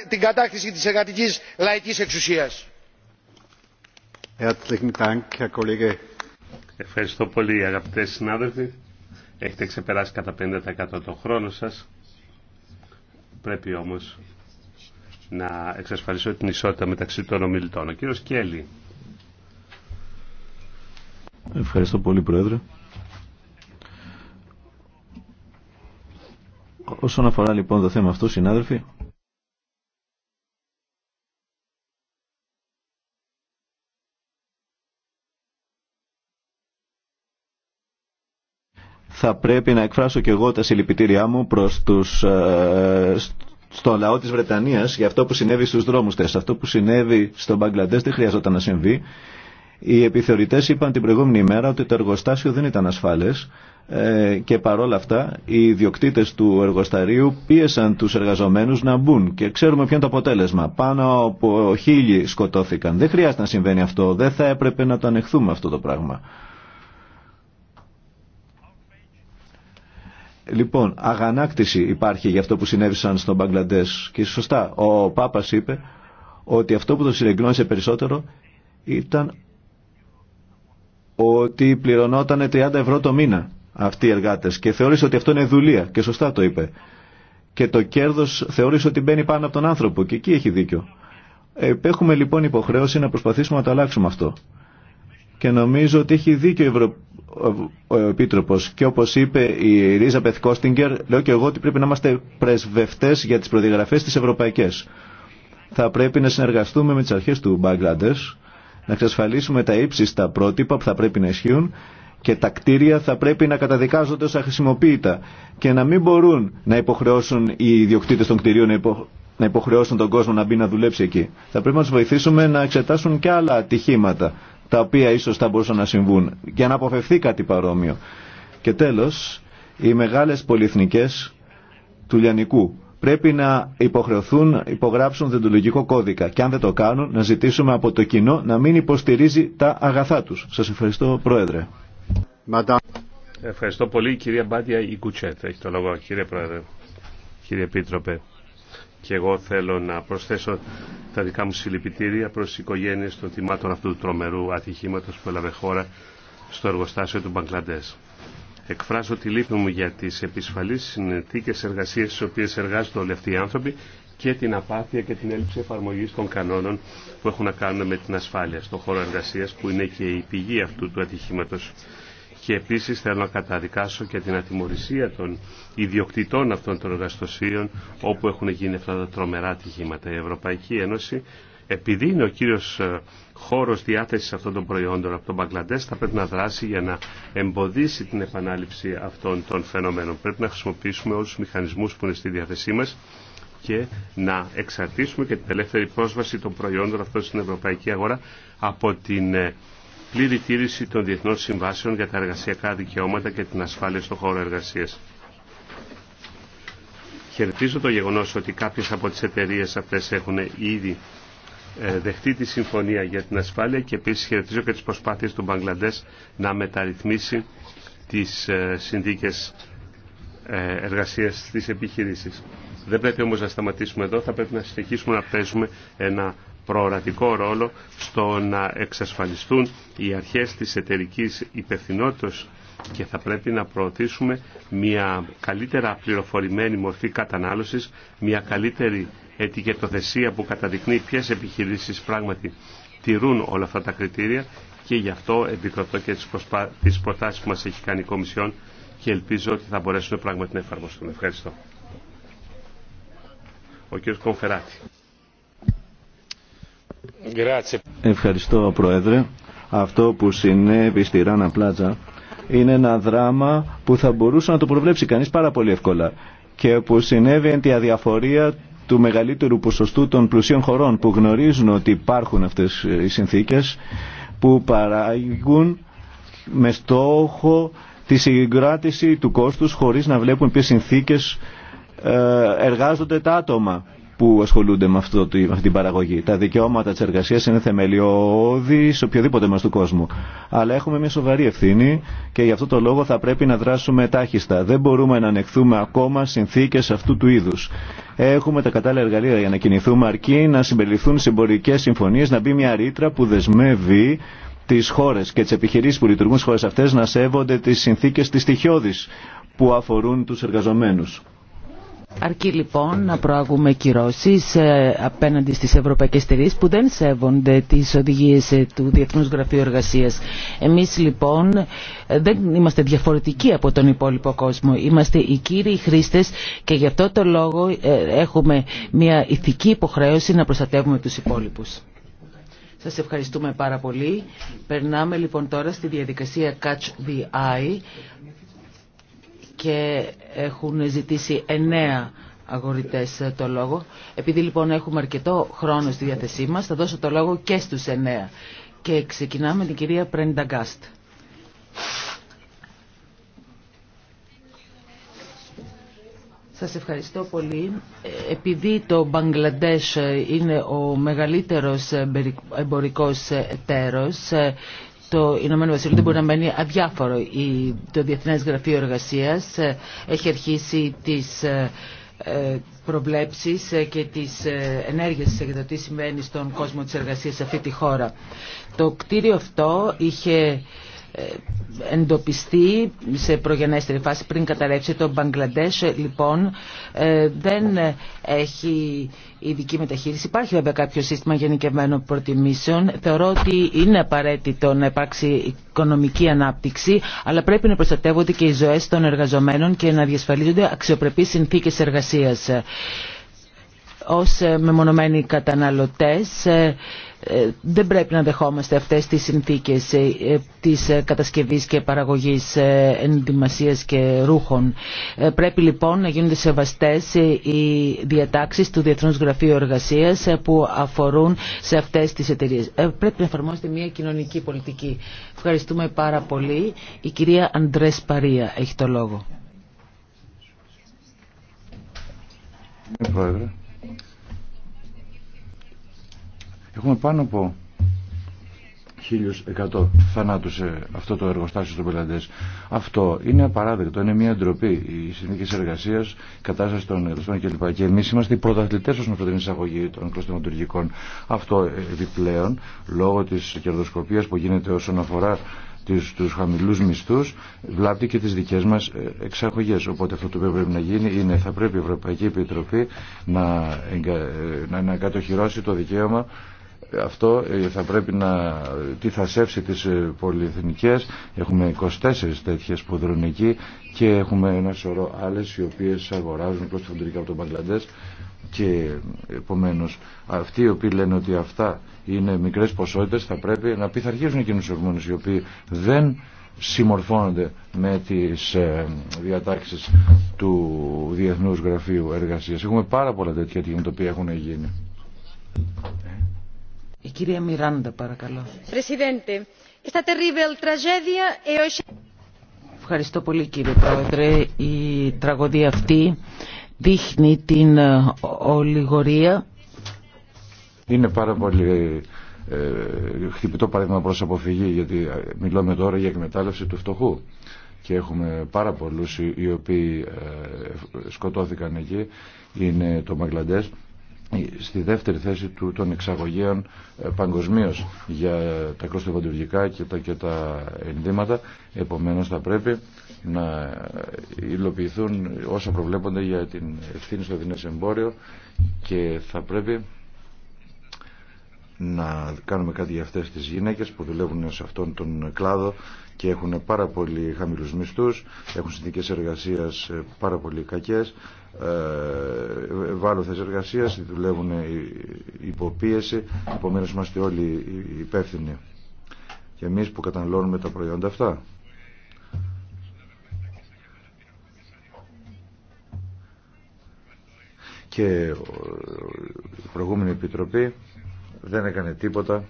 την κατάργηση της εργατικής λαϊκής εξουσίας. Ευχαριστώ πολύ αγαπητέ συνάδελφοι. Έχετε ξεπεράσει κατά 50% το χρόνο σας. Πρέπει όμως να εξασφαλίσω την ισότητα μεταξύ των ομιλητών. Ο κύριος Κέλλη. Ευχαριστώ πολύ Πρόεδρε. Όσον αφορά λοιπόν το θέμα αυτό, συνάδελφοι, θα πρέπει να εκφράσω και εγώ τα συλληπιτήριά μου προς τους, ε, στο λαό της Βρετανίας για αυτό που συνέβη στους δρόμους της. Αυτό που συνέβη στο Μπαγκλαντές δεν χρειαζόταν να συμβεί. Οι επιθεωρητές είπαν την προηγούμενη ημέρα ότι το εργοστάσιο δεν ήταν ασφάλες ε, και παρόλα αυτά οι ιδιοκτήτες του εργοσταρίου πίεσαν τους εργαζομένους να μπουν και ξέρουμε ποιο είναι το αποτέλεσμα. Πάνω από χίλιοι σκοτώθηκαν. Δεν χρειάζεται να συμβαίνει αυτό. Δεν θα έπρεπε να το ανεχθούμε αυτό το πράγμα. Λοιπόν, αγανάκτηση υπάρχει για αυτό που συνέβησαν στον Μπαγκλαντές και σωστά ο Πάπας είπε ότι αυτό που το συνεγγνώρισε περισσότερο ήταν ότι πληρωνόταν 30 ευρώ το μήνα αυτοί οι εργάτες και θεώρησε ότι αυτό είναι δουλεία και σωστά το είπε. Και το κέρδος θεώρησε ότι μπαίνει πάνω από τον άνθρωπο και εκεί έχει δίκιο. Ε, έχουμε λοιπόν υποχρέωση να προσπαθήσουμε να το αλλάξουμε αυτό και νομίζω ότι έχει δίκιο Ευρω... ο επίτροπο, και όπω είπε η Ρίζα Πεθκόστιγκερ λέω και εγώ ότι πρέπει να είμαστε πρεσβευτέ για τι προδιαγραφέ τις ευρωπαϊκές θα πρέπει να συνεργαστούμε με τι αρχέ του Μπαγκλάντε, να εξασφαλίσουμε τα ύψιστα πρότυπα που θα πρέπει να ισχύουν και τα κτίρια θα πρέπει να καταδικάζονται ως αχρησιμοποίητα και να μην μπορούν να υποχρεώσουν οι ιδιοκτήτε των κτιρίων να, να υποχρεώσουν τον κόσμο να μπει να δουλέψει εκεί. Θα πρέπει να του βοηθήσουμε να εξετάσουν και άλλα ατυχήματα τα οποία ίσως θα μπορούσαν να συμβούν για να αποφευθεί κάτι παρόμοιο. Και τέλος, οι μεγάλες πολυεθνικές του Λιανικού πρέπει να υποχρεωθούν, υπογράψουν δεντολογικό κώδικα και αν δεν το κάνουν να ζητήσουμε από το κοινό να μην υποστηρίζει τα αγαθά τους. Σας ευχαριστώ Πρόεδρε. Ευχαριστώ πολύ κυρία Μπάτια Ικουτσέτ. Έχει το λόγο κύριε Πρόεδρε, κύριε Επίτροπε. Και εγώ θέλω να προσθέσω τα δικά μου συλληπιτήρια προς τις οικογένειες των θυμάτων αυτού του τρομερού ατυχήματος που έλαβε χώρα στο εργοστάσιο του Μπαγκλαντές. Εκφράζω τη λύπη μου για τις επισφαλείς συνθήκες εργασίας στις οποίες εργάζονται όλοι αυτοί οι άνθρωποι και την απάθεια και την έλλειψη εφαρμογής των κανόνων που έχουν να κάνουν με την ασφάλεια στον χώρο εργασίας που είναι και η πηγή αυτού του ατυχήματος και επίσης θέλω να καταδικάσω και την ατιμορρησία των ιδιοκτητών αυτών των εργαστοσίων, όπου έχουν γίνει αυτά τα τρομερά ατυχήματα. Η Ευρωπαϊκή Ένωση επειδή είναι ο κύριος ε, χώρος διάθεσης αυτών των προϊόντων από τον Μπαγκλαντές θα πρέπει να δράσει για να εμποδίσει την επανάληψη αυτών των φαινομένων. Πρέπει να χρησιμοποιήσουμε όλους τους μηχανισμούς που είναι στη διάθεσή μας και να εξαρτήσουμε και την ελεύθερη πρόσβαση των προϊόντων αυτών στην ευρωπαϊκή αγορά από την ε, πλήρη τήρηση των διεθνών συμβάσεων για τα εργασιακά δικαιώματα και την ασφάλεια στον χώρο εργασία. Χαιρετίζω το γεγονό ότι κάποιε από τι εταιρείε αυτέ έχουν ήδη ε, δεχτεί τη συμφωνία για την ασφάλεια και επίση χαιρετίζω και τι προσπάθειε του Μπαγκλαντέ να μεταρρυθμίσει τι ε, συνθήκε εργασία τη επιχειρήση. Δεν πρέπει όμω να σταματήσουμε εδώ, θα πρέπει να συνεχίσουμε να παίζουμε ένα προορατικό ρόλο στο να εξασφαλιστούν οι αρχές της εταιρική υπευθυνότητας και θα πρέπει να προωθήσουμε μια καλύτερα πληροφορημένη μορφή κατανάλωσης, μια καλύτερη ετικετοθεσία που καταδεικνύει ποιες επιχειρήσεις πράγματι τηρούν όλα αυτά τα κριτήρια και γι' αυτό επικροτώ και τις, προσπά... προτάσεις που μας έχει κάνει η Κομισιόν και ελπίζω ότι θα μπορέσουν πράγματι να εφαρμοστούν. Ευχαριστώ. Ο κ. Κομφεράτη. Ευχαριστώ Πρόεδρε. Αυτό που συνέβη στη Ράνα Πλάτζα είναι ένα δράμα που θα μπορούσε να το προβλέψει κανείς πάρα πολύ εύκολα και που συνέβη εν τη αδιαφορία του μεγαλύτερου ποσοστού των πλουσίων χωρών που γνωρίζουν ότι υπάρχουν αυτές οι συνθήκες που παράγουν με στόχο τη συγκράτηση του κόστους χωρίς να βλέπουν ποιες συνθήκες ε, εργάζονται τα άτομα που ασχολούνται με, αυτό, με αυτή την παραγωγή. Τα δικαιώματα τη εργασία είναι θεμελιώδη σε οποιοδήποτε μέρο του κόσμου. Αλλά έχουμε μια σοβαρή ευθύνη και γι' αυτό το λόγο θα πρέπει να δράσουμε τάχιστα. Δεν μπορούμε να ανεχθούμε ακόμα συνθήκε αυτού του είδου. Έχουμε τα κατάλληλα εργαλεία για να κινηθούμε αρκεί να συμπεριληφθούν σε συμφωνίε, συμφωνίες, να μπει μια ρήτρα που δεσμεύει τι χώρε και τι επιχειρήσει που λειτουργούν στι χώρε αυτές να σέβονται τι συνθήκε τη στοιχειώδης που αφορούν του εργαζομένου. Αρκεί λοιπόν να προάγουμε κυρώσεις ε, απέναντι στις ευρωπαϊκές εταιρείε που δεν σέβονται τις οδηγίες ε, του Διεθνούς Γραφείου Εργασίας. Εμείς λοιπόν ε, δεν είμαστε διαφορετικοί από τον υπόλοιπο κόσμο. Είμαστε οι κύριοι χρήστες και γι' αυτό το λόγο έχουμε μια ηθική υποχρέωση να προστατεύουμε τους υπόλοιπους. Σας ευχαριστούμε πάρα πολύ. Περνάμε λοιπόν τώρα στη διαδικασία Catch the Eye και έχουν ζητήσει εννέα αγορητές το λόγο. Επειδή λοιπόν έχουμε αρκετό χρόνο στη διάθεσή μας, θα δώσω το λόγο και στους εννέα. Και ξεκινάμε την κυρία Πρενταγκάστ. Σας ευχαριστώ πολύ. Επειδή το Μπαγκλαντές είναι ο μεγαλύτερος εμπορικός εταίρος το Ηνωμένο Βασίλειο δεν μπορεί να μένει αδιάφορο. Το Διεθνές Γραφείο Εργασίας ε, έχει αρχίσει τις ε, ε, προβλέψεις και τις ενέργειες για το τι συμβαίνει στον κόσμο της εργασίας σε αυτή τη χώρα. Το κτίριο αυτό είχε εντοπιστεί σε προγενέστερη φάση πριν καταρρεύσει το Μπαγκλαντές λοιπόν ε, δεν έχει ειδική μεταχείριση υπάρχει βέβαια κάποιο σύστημα γενικευμένων προτιμήσεων θεωρώ ότι είναι απαραίτητο να υπάρξει οικονομική ανάπτυξη αλλά πρέπει να προστατεύονται και οι ζωές των εργαζομένων και να διασφαλίζονται αξιοπρεπείς συνθήκες εργασίας ως ε, μεμονωμένοι καταναλωτές ε, ε, δεν πρέπει να δεχόμαστε αυτές τις συνθήκες της κατασκευής και παραγωγής ενδυμασίας και ρούχων. Πρέπει λοιπόν να γίνονται σεβαστές οι διατάξεις του Διεθνούς Γραφείου Εργασίας που αφορούν σε αυτές τις εταιρείες. Πρέπει να εφαρμόσετε μια κοινωνική πολιτική. Ευχαριστούμε πάρα πολύ. Η κυρία Αντρές Παρία έχει το λόγο. Έχουμε πάνω από 1100 θανάτου σε αυτό το εργοστάσιο στον Πελαντέ. Αυτό είναι απαράδεκτο, είναι μια ντροπή. Οι συνθήκε εργασία, η κατάσταση των εργαστών κλπ. Και εμεί είμαστε οι πρωταθλητέ όσον αφορά την εισαγωγή των κλωστοματουργικών. Αυτό ε, επιπλέον, λόγω τη κερδοσκοπία που γίνεται όσον αφορά του χαμηλού μισθού, βλάπτει και τι δικέ μα ε, εξαγωγέ. Οπότε αυτό το οποίο πρέπει να γίνει είναι θα πρέπει η Ευρωπαϊκή Επιτροπή να, ε, να, να κατοχυρώσει το δικαίωμα αυτό ε, θα πρέπει να τι θα σέψει τις ε, πολυεθνικές έχουμε 24 τέτοιες που δρουν εκεί και έχουμε ένα σωρό άλλες οι οποίες αγοράζουν προς από τον Παγκλαντές και επομένως αυτοί οι οποίοι λένε ότι αυτά είναι μικρές ποσότητες θα πρέπει να πειθαρχίζουν εκείνους ορμόνες οι οποίοι δεν συμμορφώνονται με τις ε, διατάξεις του Διεθνούς Γραφείου Εργασίας. Έχουμε πάρα πολλά τέτοια την οποία έχουν γίνει. Η κυρία Μιράντα, παρακαλώ. Ευχαριστώ πολύ κύριε Πρόεδρε. Η τραγωδία αυτή δείχνει την ε, ολιγορία. Είναι πάρα πολύ ε, ε, χτυπητό παράδειγμα προς αποφυγή γιατί μιλάμε τώρα για εκμετάλλευση του φτωχού και έχουμε πάρα πολλούς οι οποίοι σκοτώθηκαν εκεί είναι το Μαγκλαντές στη δεύτερη θέση του, των εξαγωγέων ε, παγκοσμίω για τα κλωστοβαντουργικά και τα, και τα ενδύματα. Επομένως θα πρέπει να υλοποιηθούν όσα προβλέπονται για την ευθύνη στο διεθνές εμπόριο και θα πρέπει να κάνουμε κάτι για αυτές τις γυναίκες που δουλεύουν σε αυτόν τον κλάδο και έχουν πάρα πολύ χαμηλούς μισθούς, έχουν συνθήκες εργασίας ε, πάρα πολύ κακές, ε, βάλωθες δουλεύουν ε, υποπίεση, επομένως είμαστε όλοι υπεύθυνοι και εμείς που καταναλώνουμε τα προϊόντα αυτά. Και η προηγούμενη επιτροπή δεν έκανε τίποτα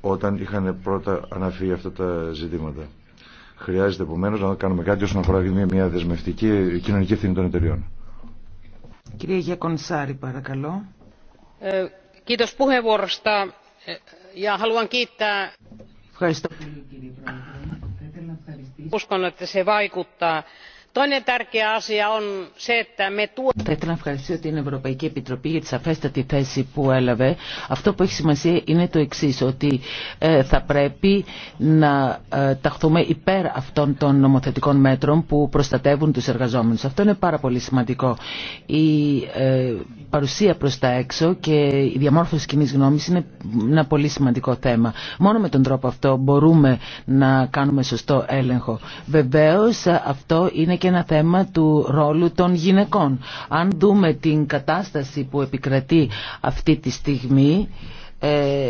όταν είχαν πρώτα αναφύγει αυτά τα ζητήματα. Χρειάζεται επομένω να κάνουμε κάτι όσον αφορά μια, μια δεσμευτική κοινωνική ευθύνη των εταιριών. Κυρία Γιακονσάρη, παρακαλώ. Ε, ε Ευχαριστώ πολύ, κύριε Πρόεδρε. Θα ήθελα να ευχαριστήσω. Toinen tärkeä asia on se, että me Θα ήθελα να ευχαριστήσω την Ευρωπαϊκή Επιτροπή για τη σαφέστατη θέση που έλαβε. Αυτό που έχει σημασία είναι το εξή, ότι ε, θα πρέπει να ε, ταχθούμε υπέρ αυτών των νομοθετικών μέτρων που προστατεύουν τους εργαζόμενους. Αυτό είναι πάρα πολύ σημαντικό. Η ε, παρουσία προς τα έξω και η διαμόρφωση κοινή γνώμης είναι ένα πολύ σημαντικό θέμα. Μόνο με τον τρόπο αυτό μπορούμε να κάνουμε σωστό έλεγχο. Βεβαίως αυτό είναι και ένα θέμα του ρόλου των γυναικών. Αν δούμε την κατάσταση που επικρατεί αυτή τη στιγμή, ε,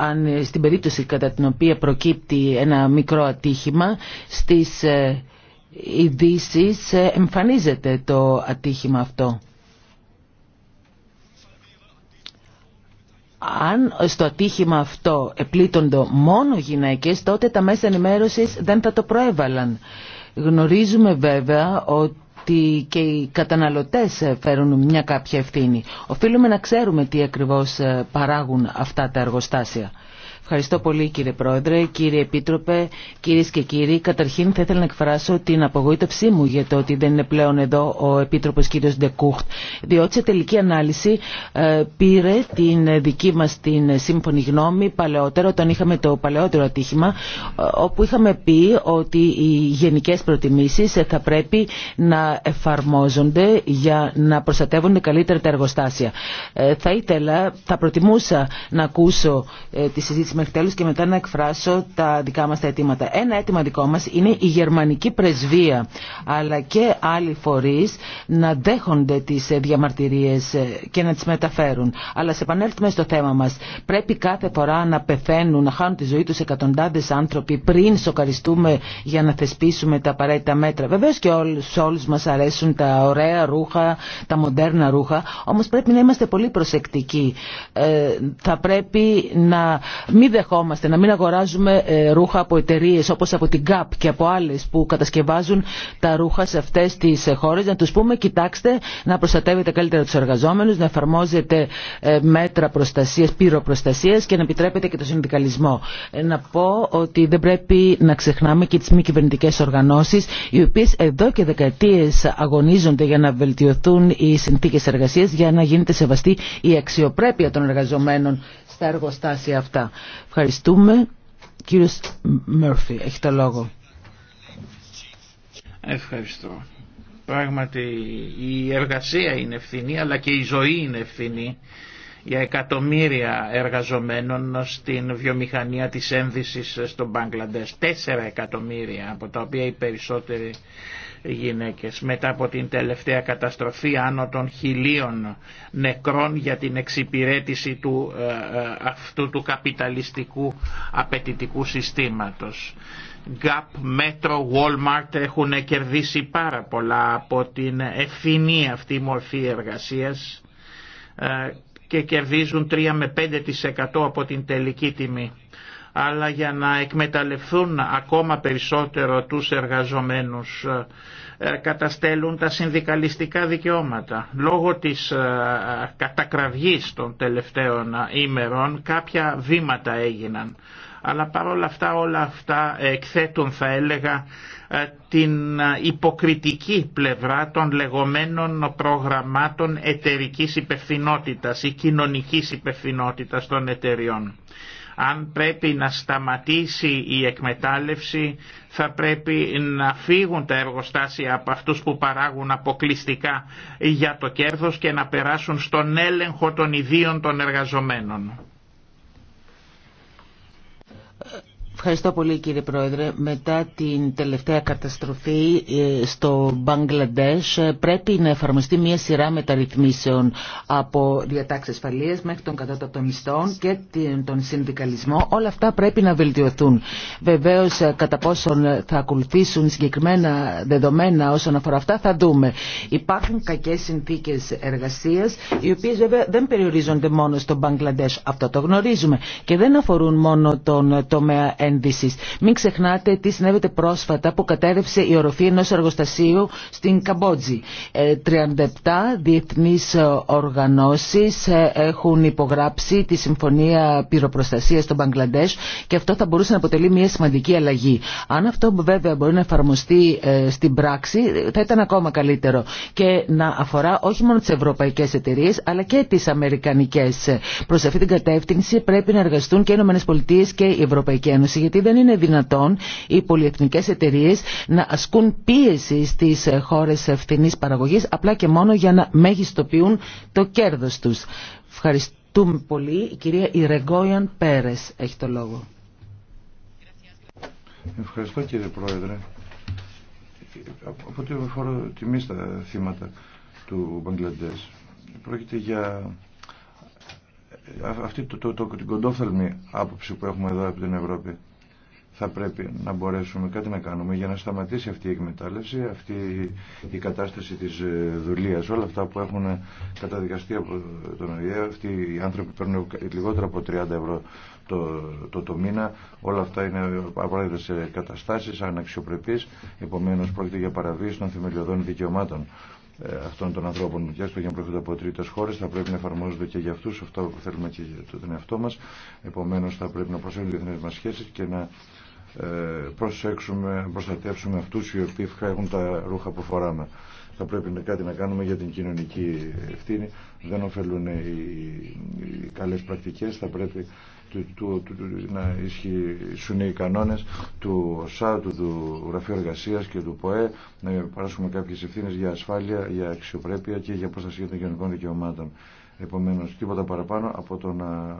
αν, στην περίπτωση κατά την οποία προκύπτει ένα μικρό ατύχημα, στις ε, ειδήσει ε, εμφανίζεται το ατύχημα αυτό. αν στο ατύχημα αυτό επλήττονται μόνο γυναίκες, τότε τα μέσα ενημέρωσης δεν θα το προέβαλαν. Γνωρίζουμε βέβαια ότι και οι καταναλωτές φέρουν μια κάποια ευθύνη. Οφείλουμε να ξέρουμε τι ακριβώς παράγουν αυτά τα εργοστάσια. Ευχαριστώ πολύ κύριε Πρόεδρε, κύριε Επίτροπε, κύριε και κύριοι. Καταρχήν θα ήθελα να εκφράσω την απογοήτευσή μου για το ότι δεν είναι πλέον εδώ ο Επίτροπος κύριος Ντεκούχτ, διότι σε τελική ανάλυση ε, πήρε την δική μας την σύμφωνη γνώμη παλαιότερα, όταν είχαμε το παλαιότερο ατύχημα, ε, όπου είχαμε πει ότι οι γενικές προτιμήσεις θα πρέπει να εφαρμόζονται για να προστατεύουν καλύτερα τα εργοστάσια. Ε, θα ήθελα, θα προτιμούσα να ακούσω τη συζήτηση μέχρι τέλους και μετά να εκφράσω τα δικά μας τα αιτήματα. Ένα αίτημα δικό μας είναι η γερμανική πρεσβεία αλλά και άλλοι φορείς να δέχονται τις διαμαρτυρίες ε, και να τις μεταφέρουν. Αλλά σε επανέλθουμε στο θέμα μας. Πρέπει κάθε φορά να πεθαίνουν, να χάνουν τη ζωή τους εκατοντάδες άνθρωποι πριν σοκαριστούμε για να θεσπίσουμε τα απαραίτητα μέτρα. Βεβαίως και όλους, όλους μας αρέσουν τα ωραία ρούχα, τα μοντέρνα ρούχα, όμως πρέπει να είμαστε πολύ προσεκτικοί. Ε, θα πρέπει να μην δεχόμαστε να μην αγοράζουμε ε, ρούχα από εταιρείε όπω από την ΚΑΠ και από άλλε που κατασκευάζουν τα ρούχα σε αυτές τις ε, χώρε να του πούμε κοιτάξτε να προστατεύετε καλύτερα του εργαζόμενου, να εφαρμόζετε ε, μέτρα προστασία, πυροπροστασίας και να επιτρέπετε και το συνδικαλισμό. Να πω ότι δεν πρέπει να ξεχνάμε και τι μη κυβερνητικέ οργανώσεις οι οποίε εδώ και δεκαετίε αγωνίζονται για να βελτιωθούν οι συνθήκε εργασία για να γίνεται σεβαστή η αξιοπρέπεια των εργαζομένων στα εργοστάσια αυτά. Ευχαριστούμε. Κύριος Μέρφυ, έχει το λόγο. Ευχαριστώ. Πράγματι η εργασία είναι ευθυνή αλλά και η ζωή είναι ευθυνή για εκατομμύρια εργαζομένων στην βιομηχανία της ένδυσης στο Μπαγκλαντές. Τέσσερα εκατομμύρια από τα οποία οι περισσότεροι γυναίκες. Μετά από την τελευταία καταστροφή άνω των χιλίων νεκρών για την εξυπηρέτηση του, ε, ε, αυτού του καπιταλιστικού απαιτητικού συστήματος. Gap, Metro, Walmart έχουν κερδίσει πάρα πολλά από την ευθυνή αυτή μορφή εργασίας ε, και κερδίζουν 3 με 5% από την τελική τιμή. Αλλά για να εκμεταλλευτούν ακόμα περισσότερο τους εργαζομένους ε, ε, καταστέλουν τα συνδικαλιστικά δικαιώματα. Λόγω της ε, κατακραυγής των τελευταίων ημερών κάποια βήματα έγιναν αλλά παρόλα αυτά όλα αυτά εκθέτουν θα έλεγα ε, την ε, υποκριτική πλευρά των λεγόμενων προγραμμάτων εταιρικής υπευθυνότητας ή κοινωνικής υπευθυνότητας των εταιριών. Αν πρέπει να σταματήσει η εκμετάλλευση θα πρέπει να φύγουν τα εργοστάσια από αυτούς που παράγουν αποκλειστικά για το κέρδος και να περάσουν στον έλεγχο των ιδίων των εργαζομένων. Ευχαριστώ πολύ κύριε Πρόεδρε. Μετά την τελευταία καταστροφή ε, στο Μπαγκλαντές ε, πρέπει να εφαρμοστεί μια σειρά μεταρρυθμίσεων από διατάξεις ασφαλείας μέχρι τον κατώτατο των μισθών και τον συνδικαλισμό. Όλα αυτά πρέπει να βελτιωθούν. Βεβαίως ε, κατά πόσον θα ακολουθήσουν συγκεκριμένα δεδομένα όσον αφορά αυτά θα δούμε. Υπάρχουν κακές συνθήκες εργασίας οι οποίες βέβαια δεν περιορίζονται μόνο στο Μπαγκλαντές. Αυτό το γνωρίζουμε και δεν αφορούν μόνο τον τομέα μην ξεχνάτε τι συνέβεται πρόσφατα που κατέρευσε η οροφή ενό εργοστασίου στην Καμπότζη. 37 ε, διεθνεί οργανώσει ε, έχουν υπογράψει τη Συμφωνία Πυροπροστασία στο Μπαγκλαντέ και αυτό θα μπορούσε να αποτελεί μια σημαντική αλλαγή. Αν αυτό βέβαια μπορεί να εφαρμοστεί ε, στην πράξη θα ήταν ακόμα καλύτερο και να αφορά όχι μόνο τι ευρωπαϊκέ εταιρείε, αλλά και τι αμερικανικέ. Προ αυτή την κατεύθυνση πρέπει να εργαστούν και οι ΗΠΑ και η Ευρωπαϊκή Ένωση γιατί δεν είναι δυνατόν οι πολυεθνικές εταιρείες να ασκούν πίεση στις χώρες ευθυνής παραγωγής απλά και μόνο για να μεγιστοποιούν το κέρδος τους. Ευχαριστούμε πολύ. Η κυρία Ιρεγκόιαν Πέρες έχει το λόγο. Ευχαριστώ κύριε Πρόεδρε. Από ό,τι αφορά τιμή στα θύματα του Μπαγκλαντές, πρόκειται για αυτή το, το, το, την κοντόφθαλμη άποψη που έχουμε εδώ από την Ευρώπη θα πρέπει να μπορέσουμε κάτι να κάνουμε για να σταματήσει αυτή η εκμετάλλευση, αυτή η κατάσταση της ε, δουλείας, όλα αυτά που έχουν καταδικαστεί από τον ΟΗΕ, αυτοί οι άνθρωποι που παίρνουν λιγότερο από 30 ευρώ το, το, το μήνα, όλα αυτά είναι απαραίτητα σε καταστάσεις αναξιοπρεπείς, επομένως πρόκειται για παραβίαση των θεμελιωδών δικαιωμάτων ε, αυτών των ανθρώπων και έστω για να από τρίτε χώρε θα πρέπει να εφαρμόζονται και για αυτού αυτό που θέλουμε και για τον εαυτό μα. Επομένω, θα πρέπει να προσέχουμε τι διεθνέ μα σχέσει και να ε, προσέξουμε, προστατεύσουμε αυτούς οι οποίοι έχουν τα ρούχα που φοράμε. Θα πρέπει κάτι να κάνουμε για την κοινωνική ευθύνη. Δεν ωφελούν οι καλές πρακτικές. Θα πρέπει να ισχύσουν οι κανόνες του ΩΣΑ, του Γραφείου Εργασία και του ΠΟΕ, να παράσχουμε κάποιες ευθύνε για ασφάλεια, για αξιοπρέπεια και για προστασία των κοινωνικών δικαιωμάτων. Επομένως, τίποτα παραπάνω από το να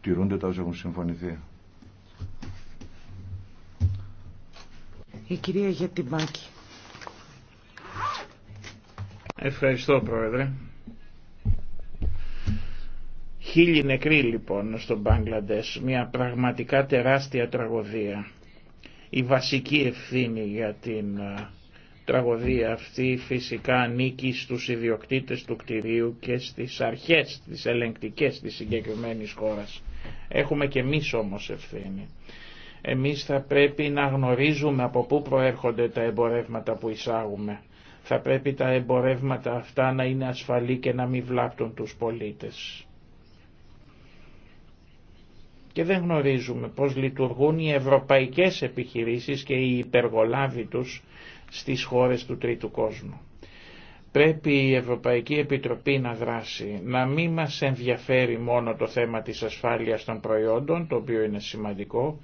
τηρούνται τα όσα έχουν συμφωνηθεί. Η κυρία Γιατιμάκη. Ευχαριστώ Πρόεδρε. Χίλιοι νεκροί λοιπόν στο Μπαγκλαντές, μια πραγματικά τεράστια τραγωδία. Η βασική ευθύνη για την ε, τραγωδία αυτή φυσικά ανήκει στους ιδιοκτήτες του κτηρίου και στις αρχές, τις ελεγκτικές της συγκεκριμένης χώρας. Έχουμε και εμείς όμως ευθύνη εμείς θα πρέπει να γνωρίζουμε από πού προέρχονται τα εμπορεύματα που εισάγουμε. Θα πρέπει τα εμπορεύματα αυτά να είναι ασφαλή και να μην βλάπτουν τους πολίτες. Και δεν γνωρίζουμε πώς λειτουργούν οι ευρωπαϊκές επιχειρήσεις και οι υπεργολάβοι τους στις χώρες του τρίτου κόσμου. Πρέπει η Ευρωπαϊκή Επιτροπή να δράσει, να μην μας ενδιαφέρει μόνο το θέμα της ασφάλειας των προϊόντων, το οποίο είναι σημαντικό,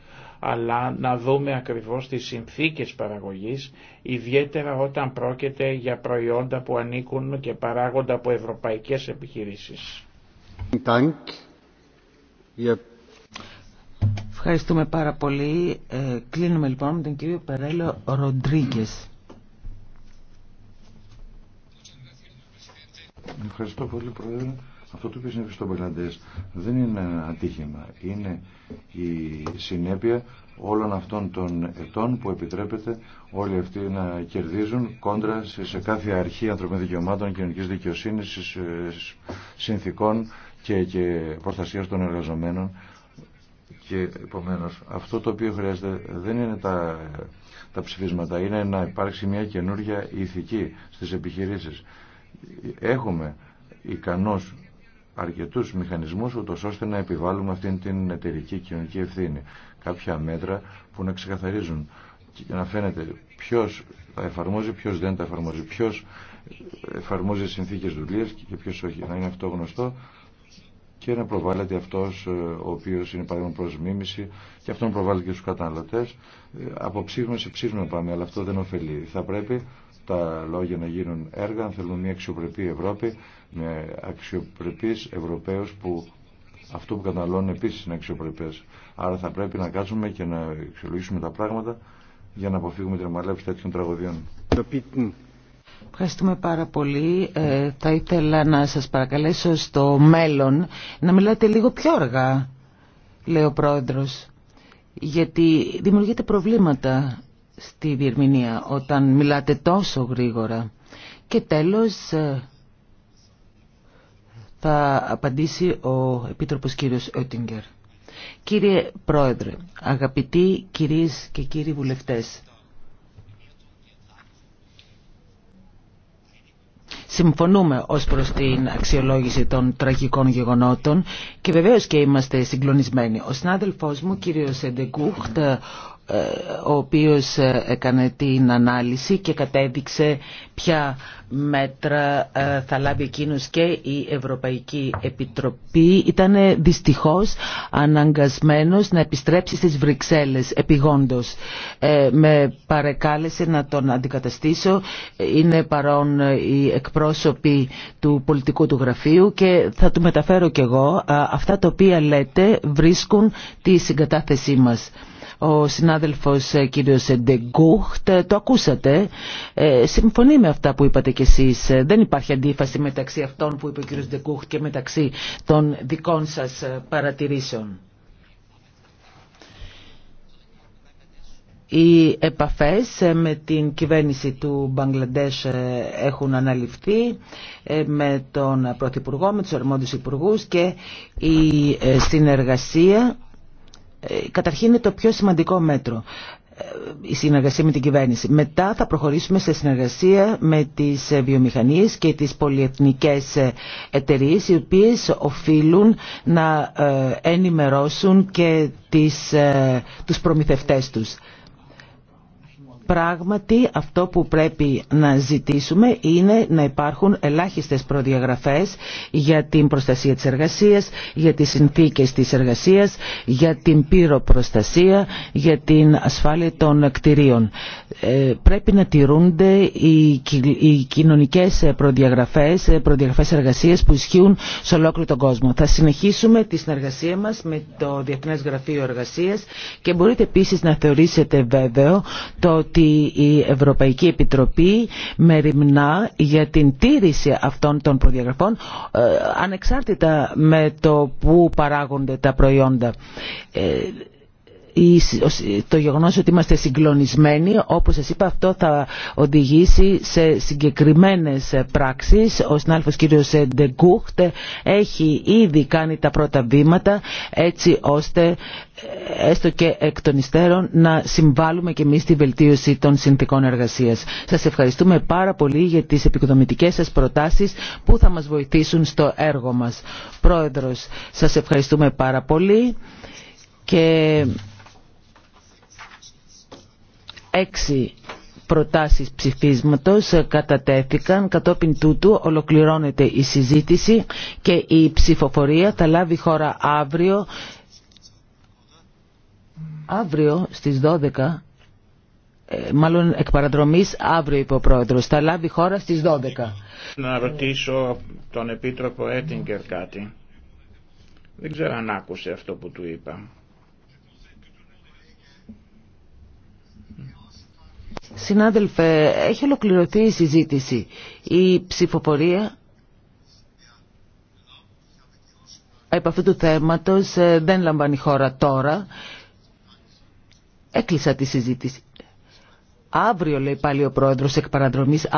αλλά να δούμε ακριβώς τις συνθήκες παραγωγής, ιδιαίτερα όταν πρόκειται για προϊόντα που ανήκουν και παράγοντα από ευρωπαϊκές επιχειρήσεις. Ευχαριστούμε πάρα πολύ. Ε, κλείνουμε λοιπόν με τον κύριο Περέλο Ροντρίγκε. Ευχαριστώ πολύ, Πρόεδρε. Αυτό το οποίο συνέβη στον Παγκλαντές δεν είναι ένα ατύχημα. Είναι η συνέπεια όλων αυτών των ετών που επιτρέπεται όλοι αυτοί να κερδίζουν κόντρα σε κάθε αρχή ανθρωπίνων δικαιωμάτων, κοινωνικής δικαιοσύνης, συνθήκων και, και προστασίας των εργαζομένων. Και επομένως αυτό το οποίο χρειάζεται δεν είναι τα, τα ψηφίσματα, είναι να υπάρξει μια καινούργια ηθική στις επιχειρήσεις. Έχουμε ικανός αρκετούς μηχανισμούς ούτως ώστε να επιβάλλουμε αυτήν την εταιρική κοινωνική ευθύνη. Κάποια μέτρα που να ξεκαθαρίζουν και να φαίνεται ποιος τα εφαρμόζει, ποιος δεν τα εφαρμόζει, ποιος εφαρμόζει συνθήκες δουλειέ και ποιος όχι. Να είναι αυτό γνωστό και να προβάλλεται αυτός ε, ο οποίος είναι παρόν προ μίμηση και αυτό να προβάλλεται και στους καταναλωτέ. Ε, από σε ψήγμα πάμε, αλλά αυτό δεν ωφελεί. Θα πρέπει τα λόγια να γίνουν έργα, αν θέλουμε μια αξιοπρεπή Ευρώπη με αξιοπρεπείς Ευρωπαίους που αυτό που καταναλώνουν επίσης είναι αξιοπρεπές. Άρα θα πρέπει να κάτσουμε και να εξελογήσουμε τα πράγματα για να αποφύγουμε την ομαλέψη τέτοιων τραγωδιών. Ευχαριστούμε πάρα πολύ. Ε, θα ήθελα να σας παρακαλέσω στο μέλλον να μιλάτε λίγο πιο αργά, λέει ο Πρόεδρος, γιατί δημιουργείται προβλήματα στη διερμηνία όταν μιλάτε τόσο γρήγορα. Και τέλος ε, θα απαντήσει ο Επίτροπος κύριος Ότιγκερ. Κύριε Πρόεδρε, αγαπητοί κυρίες και κύριοι βουλευτές, συμφωνούμε ως προς την αξιολόγηση των τραγικών γεγονότων και βεβαίως και είμαστε συγκλονισμένοι. Ο συνάδελφός μου, κύριος Εντεγκούχτ, ε, ο οποίος ε, έκανε την ανάλυση και κατέδειξε ποια μέτρα ε, θα λάβει εκείνο και η Ευρωπαϊκή Επιτροπή ήταν δυστυχώς αναγκασμένος να επιστρέψει στις Βρυξέλλες επιγόντως. με παρεκάλεσε να τον αντικαταστήσω. Είναι παρόν οι εκπρόσωποι του πολιτικού του γραφείου και θα του μεταφέρω κι εγώ. αυτά τα οποία λέτε βρίσκουν τη συγκατάθεσή μας. Ο συνάδελφος ε, κύριος Ντεγκούχτ, ε, το ακούσατε, ε, συμφωνεί με αυτά που είπατε κι εσείς. Δεν υπάρχει αντίφαση μεταξύ αυτών που είπε ο κύριος Ντεγκούχτ και μεταξύ των δικών σας παρατηρήσεων. Οι επαφές με την κυβέρνηση του Μπαγκλαντές έχουν αναλυφθεί με τον Πρωθυπουργό, με τους αρμόδιους υπουργούς και η συνεργασία ε, καταρχήν είναι το πιο σημαντικό μέτρο ε, η συνεργασία με την κυβέρνηση. Μετά θα προχωρήσουμε σε συνεργασία με τις ε, βιομηχανίες και τις πολυεθνικές εταιρείες οι οποίες οφείλουν να ενημερώσουν και τις, τους προμηθευτές τους. Πράγματι αυτό που πρέπει να ζητήσουμε είναι να υπάρχουν ελάχιστες προδιαγραφές για την προστασία της εργασίας, για τις συνθήκες της εργασίας, για την πυροπροστασία, για την ασφάλεια των κτηρίων. Ε, πρέπει να τηρούνται οι κοινωνικές ε, προδιαγραφές, ε, προδιαγραφές εργασία που ισχύουν σε ολόκληρο τον κόσμο. Θα συνεχίσουμε τη συνεργασία μας με το Διεθνές Γραφείο Εργασίας και μπορείτε επίσης να θεωρήσετε βέβαιο το ότι η Ευρωπαϊκή Επιτροπή μεριμνά για την τήρηση αυτών των προδιαγραφών ανεξάρτητα με το που παράγονται τα προϊόντα το γεγονός ότι είμαστε συγκλονισμένοι, όπως σας είπα αυτό θα οδηγήσει σε συγκεκριμένες πράξεις. Ο συνάλφος κύριος Ντεγκούχτ έχει ήδη κάνει τα πρώτα βήματα έτσι ώστε έστω και εκ των υστέρων να συμβάλλουμε και εμείς στη βελτίωση των συνθήκων εργασίας. Σας ευχαριστούμε πάρα πολύ για τις επικοδομητικές σας προτάσεις που θα μας βοηθήσουν στο έργο μας. Πρόεδρος, σας ευχαριστούμε πάρα πολύ και Έξι προτάσεις ψηφίσματος κατατέθηκαν. Κατόπιν τούτου ολοκληρώνεται η συζήτηση και η ψηφοφορία θα λάβει χώρα αύριο, αύριο στις 12 ε, μάλλον εκ παραδρομής αύριο είπε ο Πρόεδρος. Θα λάβει χώρα στις 12. Να ρωτήσω τον Επίτροπο Έτιγκερ κάτι. Δεν ξέρω αν άκουσε αυτό που του είπα. Συνάδελφε, έχει ολοκληρωθεί η συζήτηση. Η ψηφοφορία επ' αυτού του θέματος ε, δεν λαμβάνει χώρα τώρα. Έκλεισα τη συζήτηση. Αύριο, λέει πάλι ο πρόεδρος εκ παραδρομής,